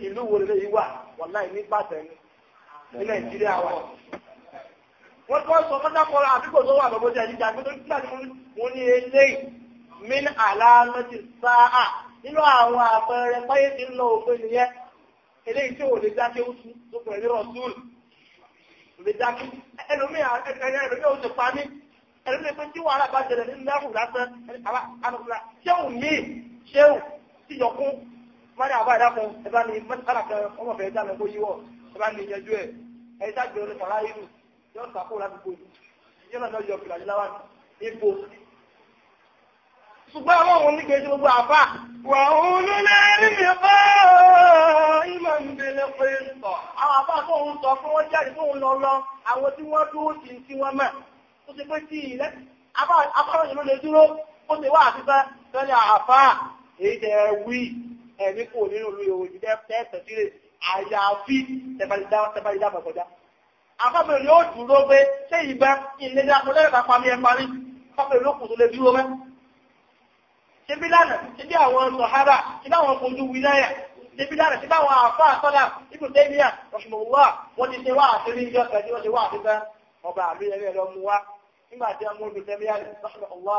ìlú wo lè yí wà ní nàìjíríà wa wọ́n tó sọ pátákọ́rọ̀ àdúgbò tó wà lọ́gbọ́ jẹ́ níjà tó kíkà ní mo ní eléyìí min alamati sáà nínú àwọn àpẹẹrẹ páyé ti ń lọ òpin nìyẹn eléyìí tí ò lè dákẹ́ ó tó pẹ̀lú rọ̀túùlù lè dákẹ́ ẹlòmíì ẹlòmíì ó ti pa pé tí wàhálà bá jẹrẹ nínú ẹkùn lásán àbá àbúrò ṣéwù mí ṣéwù tíyọkún mọ́ni àbá ìdákun ẹ bá ní mọ́tàkàrà ọmọ bẹ̀rẹ̀ dá bá lè yẹjú ẹ̀ ẹ̀yí sáàgbé orí sọ̀rá irú yóò sàkó ládùúgbò yìí yóò náà yọ fìlà yìí láwà ibo. ṣùgbọ́n àwọn òun ní kejì gbogbo àfà wà òun ló lẹ́rí mi bá ìmọ̀ ń bẹ̀rẹ̀ pé sọ. àwọn àfà tó ń sọ fún wọn jáde tó ń lọ lọ àwọn tí wọ́n dúró sí tí wọ́n mọ̀ tó ti pé tí ilẹ̀ afárànyìn ló lè dúró ó ti wá àti fẹ́ fẹ́ ní àfà èyí tẹ̀ wí ẹ̀mí kò nínú ìlú ìwòjì tẹ́ tẹ̀ àyàfi tẹ̀bàlì dáàbò kọjá. Afọ́bìnrin yóò dúró pé ṣé ìgbà ilé dáàbò lẹ́rẹ̀ bá parí ẹ parí, fọ́bìnrin ló kù tó lè dúró mẹ́. Ṣébí lánà, ṣébí àwọn sọ̀hárà, ṣébí àwọn kojú wíláyà, ṣébí lánà, ṣébí àwọn àfá àtọ́là, ibù tẹ́míà, ọ̀ṣùmọ̀wá, wọ́n ti ṣe wá àṣírí ìjọ kẹjọ ṣe wá àṣírí ọba àmì ẹ̀rẹ́ lọ mú wá. Nígbà tí a mú ibi wà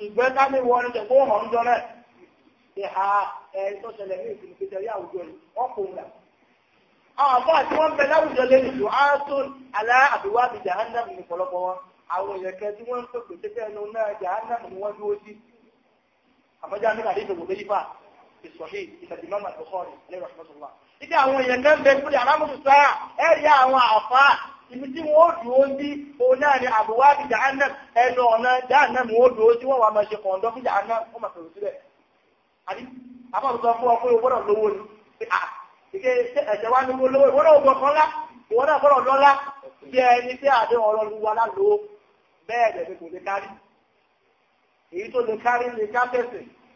ṣùgbọ́n ká ní wọ́n ní tẹ̀gbọ́n hàn jọ rẹ̀ ìhà ẹ̀yìn tó ṣẹlẹ̀ ní ìsinmi pé tẹ̀lé àwùjọ yìí wọ́n kò wùlà. àwọn àbọ̀ àti wọ́n bẹ láwùjọ lé àbíwá àbí jahannam ní wọn àwọn èèyàn kẹ tí wọ́n ń pèpè tẹ́tẹ́ ẹnu náà jahannam dúró sí. kàdé ibi tí wọ́n dúró ní o náà ni àbúwá bí ẹnu ọ̀nà jahannam wọ́n dúró tí wọ́n wà máa ṣe kọ̀ǹdọ́ fún jahannam wọ́n máa sílẹ̀ àbí fún ọ pé lówó ni ìké ẹ̀ṣẹ̀ wá ní olówó ìwọ́n náà kan lá ìwọ́n náà lọ́lá bí ẹni tí àdé ọ̀rọ̀ lu wa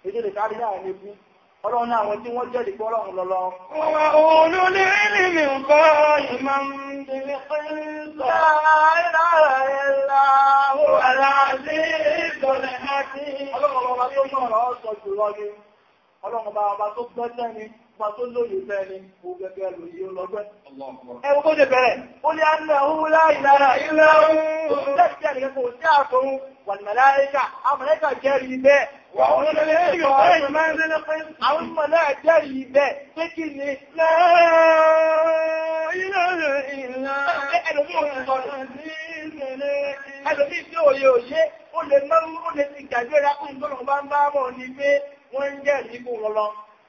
bẹ́ẹ̀ Ọlọ́run ní àwọn tí wọ́n jẹ́ ìpọ́ ọlọ́run lọ́lọ́. Wà òun ní ìlìmì ọlọ́run ọba tó gbẹ́sẹ̀ ni ma tó lóye bẹ́ẹ̀ni ògẹ́gẹ́ lòye lọ́gbẹ́. Ẹwọ kó jẹ bẹ̀rẹ̀, ó ní àmì ọ̀hún láìlára Àwọn mọ̀lá jẹ́ ìbẹ̀ pé kí ni láàá ilẹ̀ ìlà ẹlòmí òṣìṣọ́ ní ìrẹ̀lẹ̀ ẹlòmí tí ó yẹ òṣé ó lè mọ́rún ó lè ti gàjọ́ ìrákùn tó lọ bá ń bá mọ̀ ní pé wọ́n ń jẹ́ ìdíkù wọn lọ.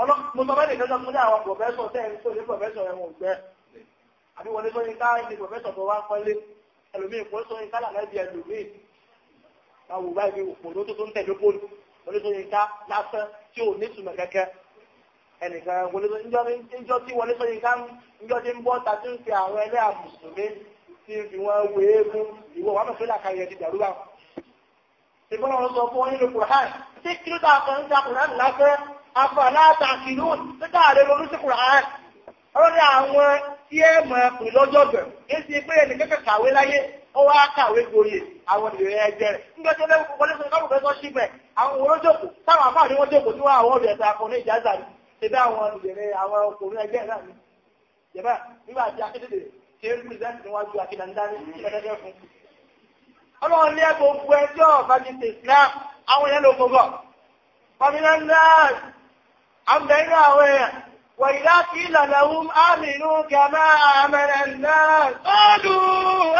ọlọ́pọ̀lọpọ̀ ìkẹta fún àwọn pọ̀fẹ́sọ̀ tẹ́ẹ̀rí tó ní pọ̀fẹ́sọ̀ ẹ̀wọ̀n ògbẹ́ àbí wọlé ní káà ní pọ̀fẹ́sọ̀ tó wá ẹlòmíì kò sọ ní káà lábí ẹlòmíì láwù báyìí bí òpò ló tó tó ń tẹ̀lé bóòlù wọlé ní ká lásán tí ò ní túmọ̀ kẹ́kẹ́ ẹnìkan wọlé tí wọlé ní ká tí ń bọ́ ta tí ń fi àwọn ẹlẹ́ tí ń fi wé afọ tàkìlún tó dáàrẹ lórí sí kùrán ọ̀rọ̀ àwọn tí ẹ mọ̀ pè lọ́jọ́ bẹ̀ ní sí pé ẹni kẹ́kẹ́ kàwé láyé ó wá kàwé gboyè àwọn ìrẹ̀ ẹgbẹ́ rẹ̀ nígbà tó lẹ́wọ́ kọ́lé sọ káwọ́ fẹ́sọ́ sí bẹ̀ àwọn òwúrọ̀ jòkó táwọn afá ni jòkó tí wọ́n àwọn ọ̀rẹ́ ẹ̀ta ìjáza àwọn àwọn ọkùnrin ẹgbẹ́ nígbà tí akédèdè ṣe ń níwájú àwọn ẹ̀rọ àwọn èèyàn wà ìdákí ìlànàwó àmìnú kẹmà àmẹ́rẹ̀ náà tọ́dù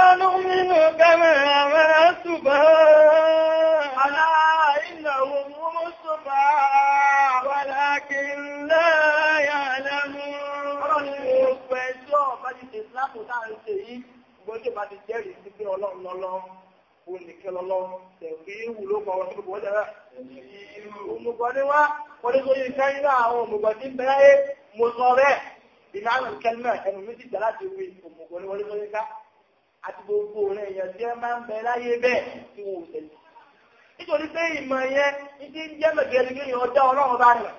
ẹnùmínú kẹmà àmẹ́rẹ̀ ṣùgbọ́ aláìlàwó mọ́sùnbà wàlákí láyà lẹ́mú ọlọ́run onìkan lọ́lọ́run tẹ̀kí wùlò pa wọn tó wọ́n dára òmùgbọ́ ní wá wọ́n ní tó yí káyínlá àwọn òmùgbọ́ tí ń bẹ̀rẹ̀ mo sọ rẹ̀ ìlànà kẹlmẹ̀ ẹnu àti gbogbo rẹ̀ èèyàn tí máa ń bẹ láyé bẹ́ẹ̀ tí wọn tẹ̀lé nítorí pé ìmọ̀ yẹn ní ń jẹ́ mẹ̀gẹ́rẹ́ ọjọ́ ọlọ́run bá rẹ̀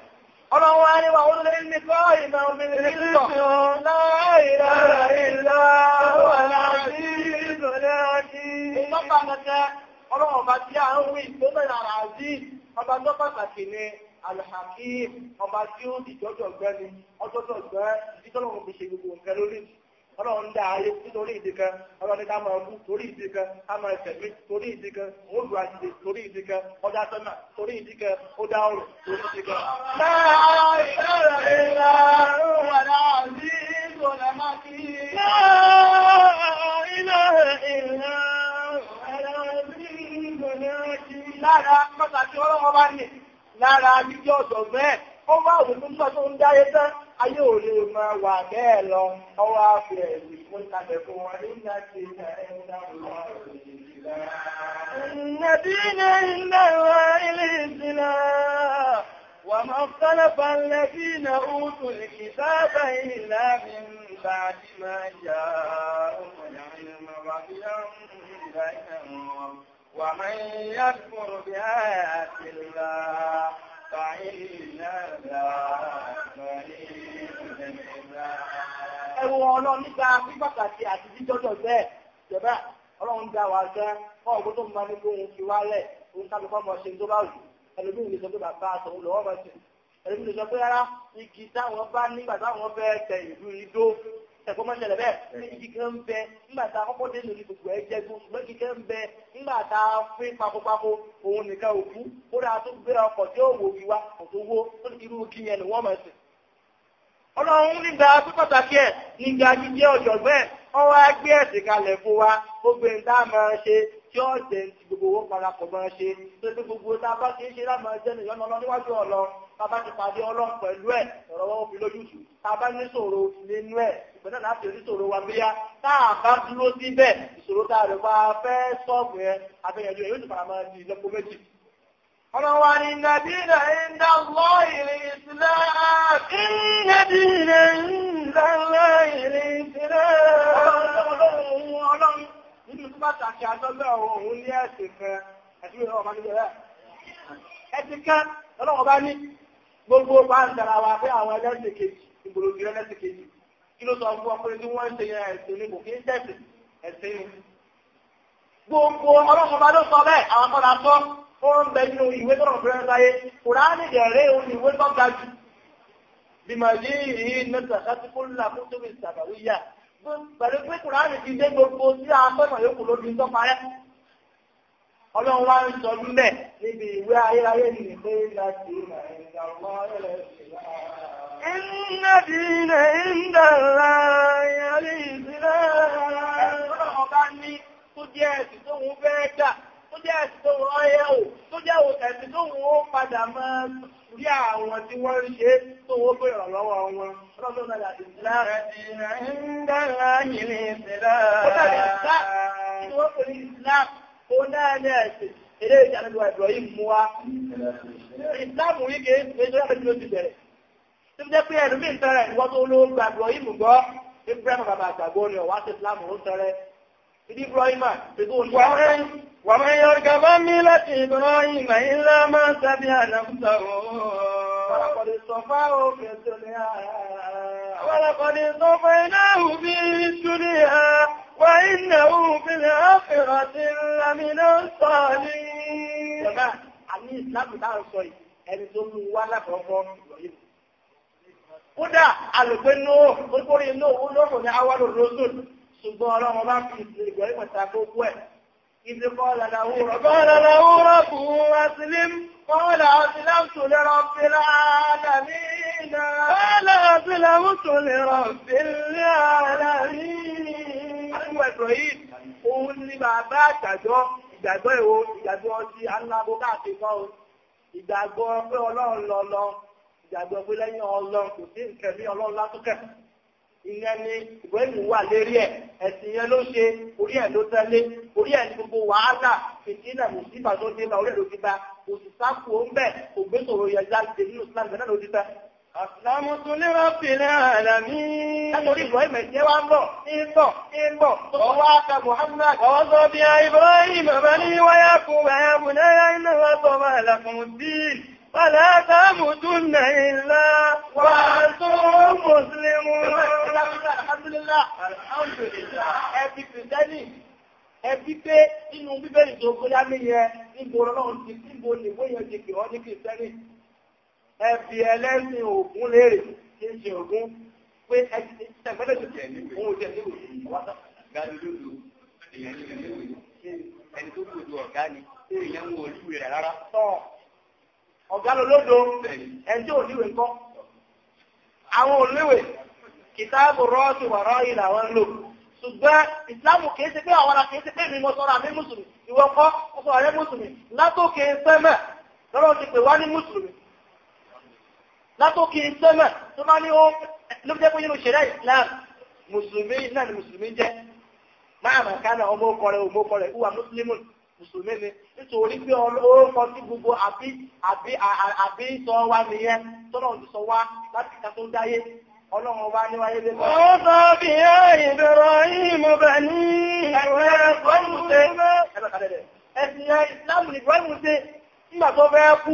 ọlọ́run wá ní wa ó lé kọ́ ìmọ̀ omi tọ́pà gẹ́gẹ́ ọlọ́wọ̀n ọba tí a ń wí tó bẹ̀rẹ̀ ara sí ọba tó pàtàkì ni alhaki ọba tí ó dìjọ́jọ́ gbẹ́ ni ọjọ́jọ́ gbẹ́ ìdíjọ́lọ́run fi ṣe gbogbo nǹkan lórí ọlọ́run dá ayé nítorí ìdí kan ní ká máa lè rán sí lára mọ́ta tí ọlọ́wọ́ bá ní lára níjọ́ ọ̀dọ̀ mẹ́ẹ̀ ó wá òun tó ayé ò lè wà bẹ́ẹ̀ lọ ọwọ́ àfi ẹ̀sìn fún wọn nígbà tí ẹ̀ẹ́dá wọn Nàbí wa ilé ìsinà na oúnjẹ ìkìtàbà ومن يكفر بآيات الله فإننا مريض Ẹwọ ọlọ́run nígbà pípàtàkì àti jíjọ́jọ́ bẹ́ẹ̀ jẹ̀bẹ́ ọlọ́run dá wa jẹ́ fún ọgbọ́n tó ń ní kí òun fi wálẹ̀ òun ká lọ́kọ́ ṣe tó bá wù ẹlòmíì lè sọ pé bàbá àtọ̀hún lọ́wọ́ bá ti ẹlòmíì lè sọ pé rárá igi táwọn bá nígbà táwọn fẹ́ tẹ ìlú idó ẹ̀kọ́ máa ṣẹlẹ̀ bẹ́ẹ̀ méjì kan ń bẹ nígbà tá a kọ́kọ́ dé lórí gbogbo ẹ jẹ́gbó méjì kan ń bẹ nígbà tá a fi papopako òun nìkan òkú ó dáa tó gbé ọkọ̀ tí ó wò wí wá ọ̀tọ̀ owó ó ní irú kí yẹn ni wọ́n máa sìn. ọlọ́run nígbà pípàtàkì ẹ̀ nígbà jíjẹ́ ọ̀jọ̀gbọ́n ẹ̀ wọ́n wá gbé ẹ̀sìn kalẹ̀ fún wa gbogbo ìta máa ṣe tí ó ti gbogbo owó parapọ̀ máa ṣe tó ti gbogbo tá a bá ti ṣe láti máa jẹ́ nìyọ́nà ọlọ́ níwájú ọ̀lọ́ tá a bá ti pàdé ọlọ́run pẹ̀lú ẹ̀ ọ̀rọ̀ wọn fi lójú tá a bá ní ṣòro nínú ẹ̀ pẹ̀lú láti oníṣòro wa bíyá táà bá dúró síbẹ̀ ìṣòro táà lè máa fẹ́ sọ́ọ̀bù yẹn abẹ́yẹjú yóò ti fara máa di ìlọ́po méjì. ọ̀rọ̀ wa ni nàbílà ìdá lọ ìrìn ìsìlẹ̀ àti nàbílà ìdá lọ ìrìn ìsìlẹ̀. ọlọ́run nínú tó bá tàkì àtọ́lẹ̀ òun ní ẹ̀sìn kan ẹ̀sìn mi náà wà níbẹ̀ rẹ̀. ẹ̀sìn kan ọlọ́run bá ní gbogbo bá wa pé àwọn ẹlẹ́sìn kejì ìgbòlódì ẹlẹ́sìn kejì kí ló sọ fún wa pé tí wọ́n ń ṣe yẹn ẹ̀sìn ní kò kí ń tẹ̀sìn ẹ̀sìn ni. gbogbo ọlọ́run bá ló sọ bẹ́ẹ̀ àwọn kan náà sọ ó ń bẹ nínú ìwé tọrọ fún ẹran sáyé kùránì dẹ̀rẹ́ òun ìwé tó ga jù. bìmọ̀jì yìí nọ́tà sátìkú ńlá kó tóbi sàbàwíyà pẹ̀lú pé kùránì ti dé gbogbo sí àtọ́nà yòókù lóbi tó parẹ́. ọlọ́run wá ń sọ níbẹ̀ níbi ìwé ayérayé nìgbé láti ìgbà ìgbà ọmọ ẹlẹ́sìn náà. إن دين عند الله الإسلام ọba ní tó jẹ́ ẹ̀sìn tó ń fẹ́ gbà tó jẹ́ ẹ̀sìn tó ń ọyẹ́ ò tó jẹ́ ẹ̀sìn tó ń ó padà mọ́ rí àwọn tí wọ́n ń ṣe tó wó pé ìrànlọ́wọ́ wọn ọlọ́dún náà láti láàrẹ̀ ìrìnà ń dára nílé ìsìlá Ìsìláàmù rí kèé fẹ́ jọ́ àjọ́ ti bẹ̀rẹ̀ tó fi jẹ́ pé ẹlòmíì ń tọrẹ ìwọ́n tó ló gba Ibrahim gbọ́ Ibrahim bàbá àgbàgbọ́ ni ọ̀wá sí Islam ló tọrẹ ìdí Ibrahim tó tó ní. wà á máa yọ ọ̀gá bá mi láti Ibrahim ilá máa ń sábì àdàmúsọ̀rọ̀. wàlàkọ̀dé sọ̀fà òfin tó ní àárá. wàlàkọ̀dé sọ̀fà iná òbí ìṣúlì ha wà ìnáwó òfin àfẹ́ràtì lámìnà sọ̀lì. jọba àmì ìsìlámù dáhùn sọ yìí ẹni tó mú wá lákọ̀ọ́kọ́ lọ́yìn kódà alùpé nóò oríkórí nóò olóòrùn ní awálò rọ́sùn ṣùgbọ́n ọlọ́run bá fi ìsìn ìgbọ́ ìpẹ̀ta gbogbo ẹ̀ ìdí kọ́ọ̀lá làwúrọ̀ kọ́ọ̀lá làwúrọ̀ fún asìlím kọ́ọ̀lá asìlámtù lẹ́rọ̀ fílá àlàmínà kọ́ọ̀lá asìlámtù lẹ́rọ̀ fílá àlàmínà. àdúgbò ẹ̀dọ̀ yìí òun ni bàbá àtàjọ ìgbàgbọ́ ìwò ìgbàgbọ́ ti alábọ́ káàkiri kan ìgbàgbọ́ gbàgbọ́ pé lẹ́yìn ọlọ́run kò sí nǹkan bí ọlọ́run látúkẹ̀ ìyẹn ni ìwé ìlú wà lérí ẹ̀ ẹ̀sìn yẹn ló ṣe orí ẹ̀ ló tẹ́lé orí ẹ̀ ní gbogbo wàhálà fìtínà mùsíbà tó dé bá orí ẹ̀ ló ti bá òṣìṣà kù ó ń bẹ̀ ògbésòro yẹn jáde nínú Islam bẹ́ẹ̀ ló ti tẹ́. Àsìlámùsù ní Rọ́bìnrin àlàmí. Látòrí Muhammad. Ọwọ́ sọ bí i Ibrahim, bàbá ní wáyà فلا تموتن إلا وأنتم مسلمون الحمد لله الحمد لله ẹbí kìrìsìtẹ́nì ẹbí pé inú bíbélì tó kọjá níyẹn níbo ọlọ́run ti níbo nìwé yẹn ti kìrọ́ ní kìrìsìtẹ́nì ẹbí ẹlẹ́sìn ògún léèrè tí ń ṣe ògún pé ẹbí tẹ̀gbẹ́lẹ̀ tó tẹ̀ òun tẹ̀ ní òun wá sá gàdúdú èèyàn ní ìlú ẹni tó kù ọ̀gá ni èèyàn ń rẹ̀ rárá. ọ̀gá lolódo ẹjọ́ òníwèé kọ́ àwọn olówè kìtàbù rọ́ọ̀tù wà rọ́ọ̀yì làwọn lò ṣùgbọ́n ìsìláàmù kìí ṣe pé àwọn pé mi sọ́ra mi mùsùlùmí ìwọ kọ́ ọkọ̀ mùsùlùmí sẹ́mẹ̀ lọ́rọ̀ ti pè wá ní mùsùlùmí sẹ́mẹ̀ islam mùsùlùmí náà ni mùsùlùmí jẹ́ máa màkánà ọmọ ọkọ̀ rẹ̀ ọmọ mùsùlùmí ni nítorí pé orúkọ sí gbogbo àbí àbí àbí sọ wá nìyẹn tọ́nà ti sọ wá láti ìta tó dáyé ọlọ́run wá níwáyé sọ bí i Ibrahim bẹ̀ ní ẹ̀sìn nígbà tó fẹ́ kú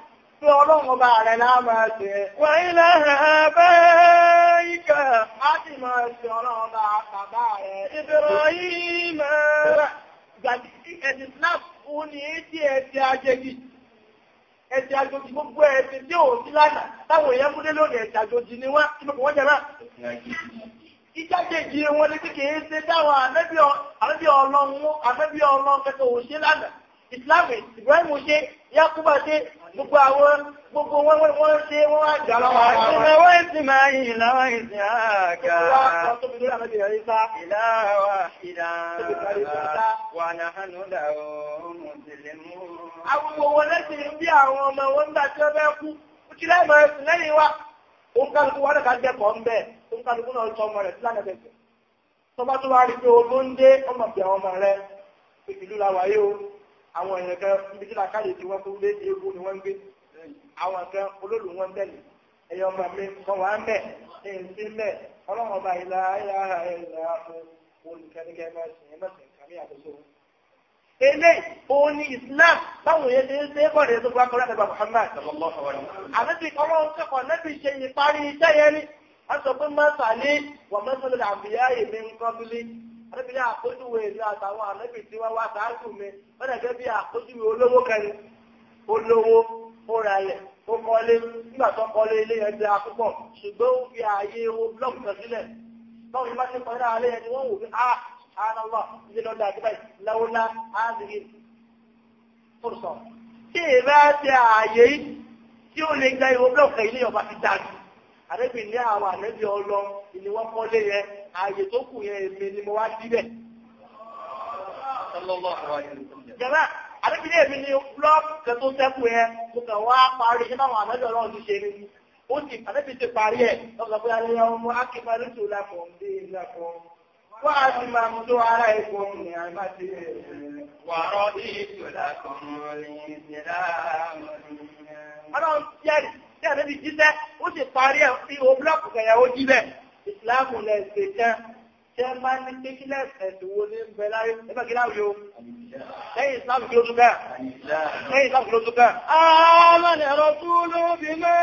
tí ọlọ́run ọba rẹ̀ náà máa ṣe. Wọ́n ilẹ̀ ẹ̀bẹ́ ikẹ̀. A sì máa ṣe ọlọ́run ọba gbogbo àwọn gbogbo wọn wọ́n ṣe wọ́n wá jà lọ́wọ́ àwọn ọmọ wọ́n sì máa yìí ìlàwọ̀ ìsìn àkà ìlàwà ìlàwà wà náà nùdà ohun mùsùlùmí. Àwọn wọn lẹ́sìn bí àwọn ọmọ wọn gbà tí wọ́n fẹ́ kú, ó ti lẹ́mọ̀ ẹ̀sìn lẹ́yìn wa. Ó ń kálukú wọ́n lẹ́ka jẹ́kọ̀ọ́ ń bẹ̀, ó ń kálukú náà sọ ọmọ rẹ̀ sí lánàá bẹ̀rẹ̀. Tọ́ba tó wá rí pé olóńdé ọmọ bí àwọn ọmọ rẹ̀ ìlú làwáyé o àwọn èèyàn kan níbi tí làkàyè tí wọ́n tó lé ewu ni wọ́n ń gbé àwọn kan olóòlù wọn ń tẹ̀lé ẹ̀yọ́ ọmọ mi kan wà mẹ́ ẹ̀yìn sí mẹ́ ọlọ́run ọba ìlà ayé ara ẹ̀ ìlà ààbò olùkẹ́nikẹ́ máa ṣe ẹ̀ mọ̀sẹ̀ kàmí àkóso. Ilé òun ni Islam báwo yẹn ṣe ń ṣe é bọ̀ ní ẹ̀sùn gbàgbọ́ láti gba Muhammad. Àbẹ́bí ọlọ́run kẹ́kọ̀ọ́ lẹ́bí ṣe ànábì ní àpójúwe ìlú àtàwọn ànábì tí wọ́n wá sáájú mi wọ́n dàgbẹ́ bí àpójúwe olówó kẹrin olówó ó ra ilẹ̀ ó kọ́lé nígbà tó kọ́lé ilé yẹn jẹ́ akúpọ̀ ṣùgbọ́n ó fi ààyè owó blọọ̀kì kan sílẹ̀ báwo ni bá ti kọ́ náà alẹ́ yẹn ni wọ́n wò pé a ara wà ilé lọ́dọ̀ àti báyìí lawla hadhihi fursa. kí ìbá ti ààyè tí ó lè gba ìwọ blọọ̀kì ilé ọba ti dàgbù àdébì ní àwọn àdébì ọlọ ìníwọ́n kọ́lé yẹn ààyè tó kù yẹn èmi ni mo wá síbẹ̀. jẹ̀rẹ̀ àdébílẹ̀ èmi ni búlọ́ọ̀kì kan tó sẹ́kù yẹn mo kàn wá parí iṣẹ́ báwọn àmọ́jọ́ ọlọ́run ti ṣe ni ó sì àdébí ti parí ẹ̀ lọ́sọ̀ pé alẹ́ ọmọ akíkọ́ lóṣù lápọ̀ ń dé lápọ̀ wọ́n á ti máa tó ara ẹ̀kọ́ ní àgbà tí wàárọ̀ ìṣù lápọ̀ ń dé ọlọ́run jẹ́rìí tí jíṣẹ́ ó sì parí ẹ̀ fi o búlọ́ọ̀kì kẹ̀yà ó jí bẹ́ẹ̀ ìsìláàmù lẹ́sẹ̀ tán tẹ́ máa ní kékílẹ̀ ẹ̀sẹ̀ wo ní bẹ láyé ẹgbẹ́ kí láwùjọ lẹ́yìn ìsìláàmù kí ló tún kàn lẹ́yìn ìsìláàmù kí ló tún kàn. àmàlẹ̀ ẹ̀rọ tó ló bí mẹ́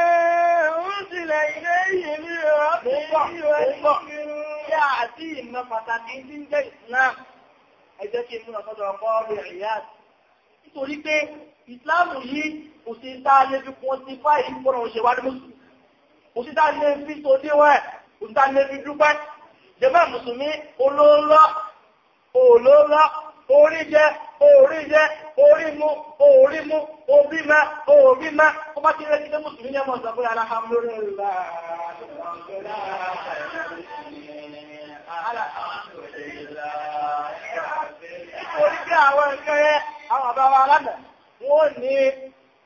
ń sílẹ̀ ilé yìí mi rọ̀ bí nítorí pé ìsìláàmù yìí kò sí táà fi kún sí fáìlì kọ́nà òṣèwádìí mùsùlùmí kò sí táà fi tó déwọ̀n òtútà lẹ́bi dúpẹ́ jàmá mùsùlùmí olóòlọ́ olóòlọ́ orí jẹ orí jẹ orí mu orí mu orí ma orí ma ó bá ti rẹ ti dé mùsùlùmí ní ọmọ ìsọ̀kúrò alhamdulillah alhamdulillah orí bí àwọn nǹkan yẹn àwọn bàbá wa lánàá wọ́n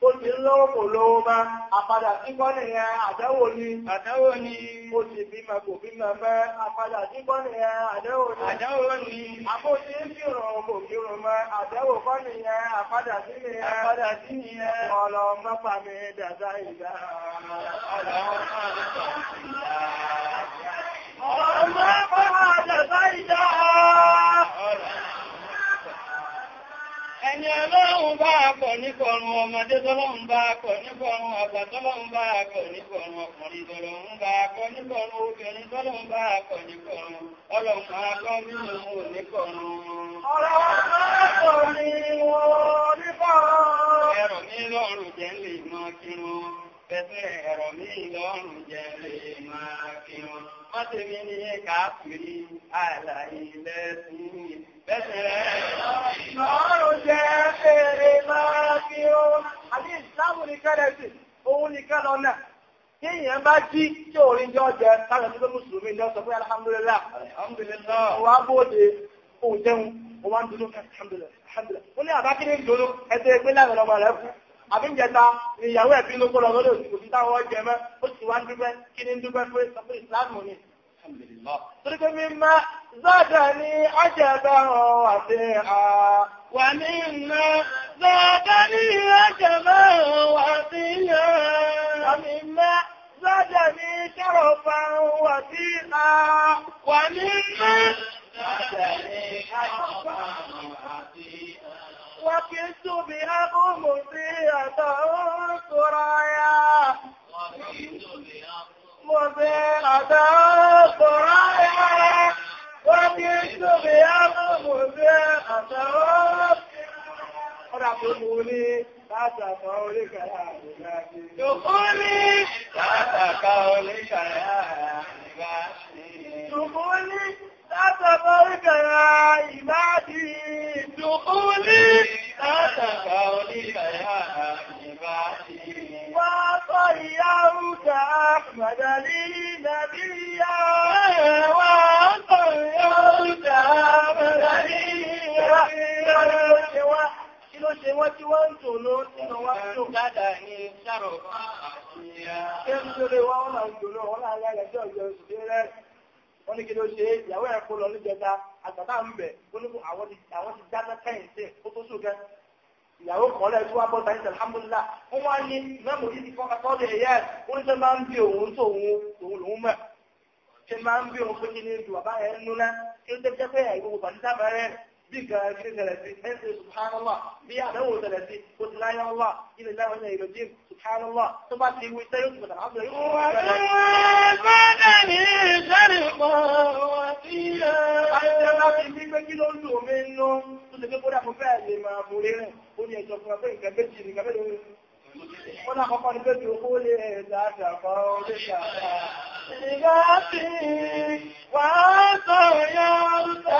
ó ti ń lọ́wọ́ kò ma. bá àpadà síkọ́ nìyẹn ni àdẹ́wò ni ó ti bímọ kò bímọ àpadà ni àdẹ́wò ni àbóṣe ń kírun kò kírun mẹ́ àdẹ́wò kọ́ nìyẹn àpadà sí nìyẹn àpadà sí nìyẹn ọ̀lọ́ mọ́pà mi dàda ìgbà ọ̀lọ́ mọ́pà mi dàda ẹni ọlọ́run bá akọ̀ nípọ̀rún ọmọdé tọ́lọ́run bá akọ̀ nípọ̀rún àgbà tọ́lọ́run bá akọ̀ nípọ̀rún ọkùnrin tọ́lọ́run bá akọ̀ nípọ̀rún obìnrin tọ́lọ́run bá akọ̀ ọlọ́run nínú ọlọ́run akọ̀ nínú ẹ̀rọ mi lọ́rùn jẹ́ tẹ́fẹ́ ẹ̀rọ mi lọ́rùn jẹ́ lè máa fi wọn. Wọ́n ti mi ní káàkiri àlàyé lẹ́sìn. Bẹ́sẹ̀ lọ́rùn jẹ́ fèrè máa fi wọn. Àbí ìsìláàmù ní kẹ́lẹ́sì, òun ní kẹ́lọ náà. Tí èèyàn bá jí tí òrin jọ jẹ, táwọn ẹni tó mùsùlùmí lọ sọ pé alhamdulillah. Alhamdulillah. Wàá bóde, òun jẹun, òun wá ń dúró, alhamdulillah. Ó ní àbákíní ìdòdó, ẹgbẹ́ ìgbélànà ọmọ rẹ̀ fún àbíjẹta ìyàwó ẹ̀bí ló gbọ́dọ̀ lọ́dọ̀ òsìkò tí táwọn ọjọ́ ẹ̀mẹ́ ó sì wá ń dúpẹ́ kí ni ń dúpẹ́ pé sọ pé ìsìláàmù ni. torí pé mi máa zọ́dà ní ọjọ́bẹ̀ ọ̀hún àti wà ní iná zọ́dà ní ọjọ́bẹ̀ ọ̀hún àti iná. àmì mẹ́ zọ́dà ní sọ̀rọ̀fà ọ̀hún àti iná. wà ní iná zọ́dà ní ọjọ́bẹ̀ وكدت بأقوم مسيئة سرايا مسيئة سرايا وكدت بأقوم مسيئة سرايا ربوني تحت قولك يا عبادي دخولي تحت قولك يا عبادي دخولي تتبرك يا عبادي دخولي تتبرك يا عبادي وطيرت أحمد لي نبيا وطيرت أحمد لي نبيا Kí ló ṣe wọ́n tí wọ́n ń tò ló nínú wá tó? Dada ni ṣàrọ̀ fún àṣíyá. Kí ló ṣe wọ́n wọ́n ní kí ló ṣe ìyàwó ẹ̀ kó lọ níjẹta àgbàtà ń bẹ̀ ó ní àwọn ti dáná kẹ́yìn sí ó tó sùn kẹ́ ìyàwó kọ́lẹ̀ tó wá bọ́ta ìṣẹ̀ alhamdulilá wọ́n wá ní mẹ́mù yìí ti fọ́ka tọ́lẹ̀ ẹ̀yẹ́ e ó ní sẹ́ máa ń bí òun tó òun òun lòun mẹ́ ṣe máa ń bí òun pé kí ni ìdùn àbáyẹ ń núná kí ó tẹ́ bí nǹkan kiri tẹ̀lẹ̀ sí ẹ̀sìn subhanallah bí àdánwò tẹ̀lẹ̀ sí kò ti láyé ọlá ilẹ̀ ìlànà ìlànà ìlò jíìm subhanallah tó bá ti wí sẹ́yìn òṣùpọ̀ tàbí àbúrò yóò wọ́n bẹ́ẹ̀ ní ìṣẹ́rì pọ̀ wọ́n sí ẹ̀. àìsàn láti bí pé kí ló ń lò mí nú tó ti pé kódà mo fẹ́ lè máa borí rẹ̀ ó ní ẹ̀jọ̀ fún ẹgbẹ́ nǹkan méjì nǹkan méjì wọ́n náà kọ́kọ́ ní pé kí owó lè dáadáa kọ́ lè ṣàkà. ìgbà tí wàá sọ̀rọ̀ yọ̀ọ̀ta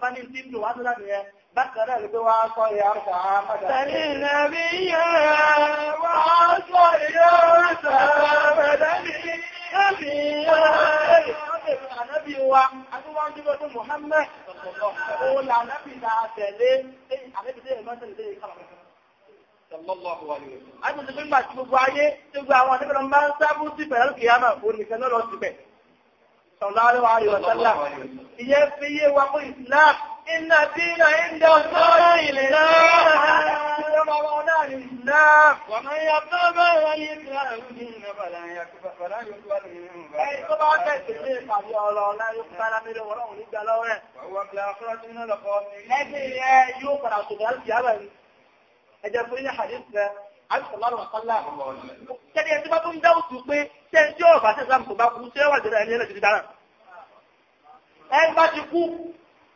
bàbá ní tí ń lò wá tó láti yẹn bákan náà ló pé wá sọ ìyá ń sàn án padà. sẹ́ni nàbí yẹn wá sọ ìyá ń sàn án padà ní nàbí yẹn. Ànábì wa, Adúwájú lọ́dún Mùhámmẹ́, òun là Ànábì là tẹ̀lé, Ànábì tẹ̀lé máa tẹ̀lé tẹ̀lé kàlàkà. Àìsàn ti fi ń gbà tí gbogbo ayé, tí gbogbo àwọn àdébẹ̀rẹ̀ máa ń sábú sí pẹ̀lú kìí àmà, òun nìkan náà lọ sí bẹ̀ sallallahu alaihi wa sallam ìyẹn fi yé wa mú islam iná tí iná ìdá sọ́rọ̀ ilẹ̀ náà Ẹjẹ́ fún ilé àdíṣẹ́ àbísọ̀lọ́rọ̀ ọ̀sánlá. Tẹ́lẹ̀ ẹ̀sí bá tún dáwùtù pé tẹ́ tí ó bá tẹ́sàmù tó bá kú tí ó wà jẹ́ ẹni ẹlẹ́jì dára ẹgbà ti kú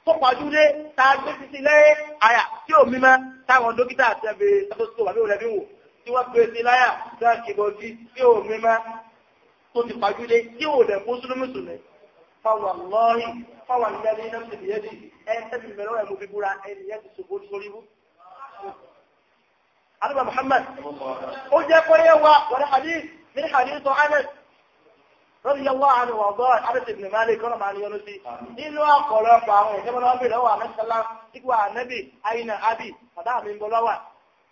tó pàdúré ta gbé títí lẹ́yìn àyà tí ò mímọ́ táwọn dókítà àtẹ́bẹ̀ sọ́tọ́sọ́ wà ní òlẹ́bí wò tí wọ́n gbé sí láyà tí wọ́n kìbọ̀ sí tí ò mímọ́ tó ti pàdúré tí ò lẹ̀ fún súnmùsùnmí fáwọn lọ́rìn fáwọn ìlẹ́ni iná sì nìyẹn dì ẹni tẹ́bi mẹ́rọ ẹ̀mú fi búra ẹni yẹn ti ṣògbó sórí wú. Adúbà Muhammad ó jẹ́ kọ́yẹ́ wa wọ́n hadith min hadith Anas radiyallahu anhu ọ̀gọ́ àdìsí ibn Malik kọ́nà máa ní yọnu sí nínú ọ̀pọ̀lọpọ̀ àwọn ìjọba náà bèèrè wà mẹ́sàlá nípa ànẹ́bì àyínà àbí bàbá mi ń bọ́ lọ́wà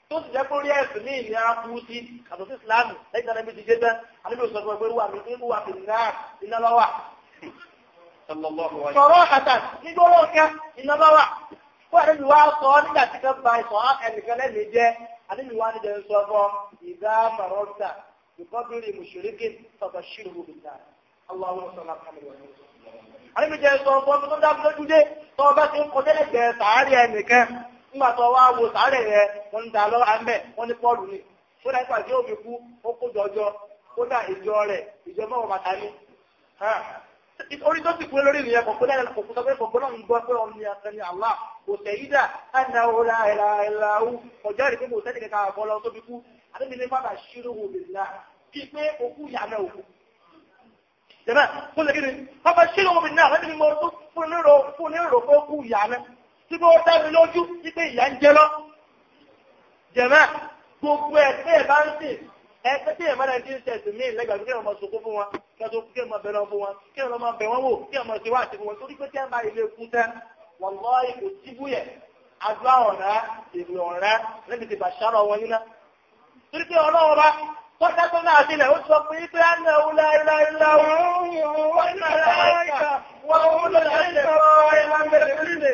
tó ti jẹ́ kó rí ẹ̀sìn ní ìní akú sí àtọ̀ sí ìsìláàmù lẹ́yìn tí ànẹ́bì ti jẹ́ tán ànẹ́bì sọ fún ẹgbẹ́ wà mí nínú wà mí náà iná lọ́wà. sọ̀rọ̀ kàtà nígbọ́rọ̀ kẹ́ بقدر مشرك فبشره بالنار اللهم صل على محمد وعلى اله àníbi jẹ́ sọ ọgbọ́n tó dábí lójú dé tó ọba tí ń kọjẹ́ lẹ́gbẹ̀ẹ́ sàárì ẹnìkan nígbà tó wá wo sàárì rẹ̀ wọ́n ń da lọ́wọ́ àmbẹ̀ wọ́n ní pọ́ọ̀lù ni ó dá ìpàdé òfin kú ó kó jọjọ ó dá ìjọ rẹ̀ ìjọ mọ́wọ́ bàtà ni. orí tó ti pé lórí ìrìn ẹ̀kọ́ pẹ́lẹ́ pé ọmọ ìyàtọ̀ àbẹ́bí ní bàbá ṣírò wò lè la bí pé òkú yà náà òkú. Jẹ̀mẹ́ kó lè kéde bàbá ṣírò wò lè náà àbẹ́bí ní mo tó fún nírò fún nírò pé òkú yà náà tí mo dá mi lójú sí pé ìyá ń jẹ lọ. Jẹ̀mẹ́ gbogbo ẹ̀ tẹ́ ẹ̀ bá ń sè ẹ pé tí ìmọ̀lẹ̀ ti ń sẹ̀sìn mí lẹ́gbàá kí ọmọ sòkó fún wọn kí ọmọ kí ọmọ bẹ̀rẹ̀ fún wọn kí ọmọ bẹ̀ wọ́n wò kí ọmọ ti wá àti fún wọn torí pé tí ẹ bá ilé kú tẹ́ wọ́n lọ́ọ́ ikú síbúyẹ̀ adúlá ọ̀rẹ́ ìlú ọ̀rẹ́ lẹ́bi ti bàṣárọ̀ wọn níná torí pé ọlọ́wọ́ bá tọ́ta tó náà sílẹ̀ ó sọ pé pé á náà ó láìlá ilá wọn láìka wọn ó láìlẹ̀ kọ́ ilá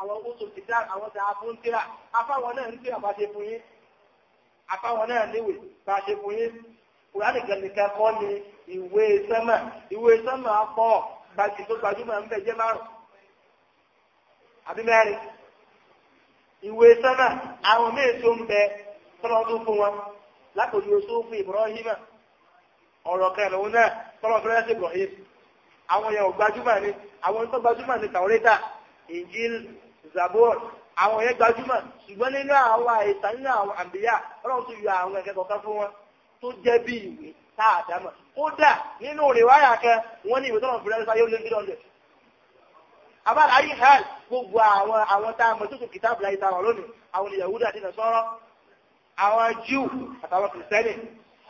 àwọn oṣù tìtà àwọn tàà fún tíra afáwọn náà ń tíra bá ṣe fún yín afáwọn náà níwè bá ṣe fún yín kùránì gẹ̀nìkan kọ́ ni ìwé sẹ́mà ìwé sẹ́mà pọ̀ gbajì tó gbajúmọ̀ ń bẹ̀ jẹ́ márùn àbí mẹ́rin ìwé sẹ́mà àwọn míì tó ń bẹ tọ́lọ́dún fún wọn lápòjú oṣù fún Ibrahima ọ̀rọ̀ kẹrìnwó náà tọ́lọ́ fẹ́rẹ́ sí Ibrahim àwọn èèyàn ò gbajúmọ̀ ni àwọn tó gbajúmọ̀ ni tàwọ́rẹ́tà Injil zabor àwọn yẹn gbajúmọ̀ ṣùgbọ́n nínú àwọn àìsàn nínú àwọn àbíyá ọlọ́run tó yọ àwọn ẹ̀kẹ́ kọ̀ọ̀kan fún wọn tó jẹ́ bí ìwé táàdámọ̀ kódà nínú rìwáyà kan wọ́n ní ìwé tọ́lọ̀ fúnra sáyé ó lé ní ọ̀dẹ̀ abáàlá yìí hàn gbogbo àwọn àwọn tá a mọ̀ tókò kìtàbù láyé táwọn lónìí àwọn Yahuda àti nàṣọ́rọ́ àwọn Júù àtàwọn kìrìsìtẹ́nì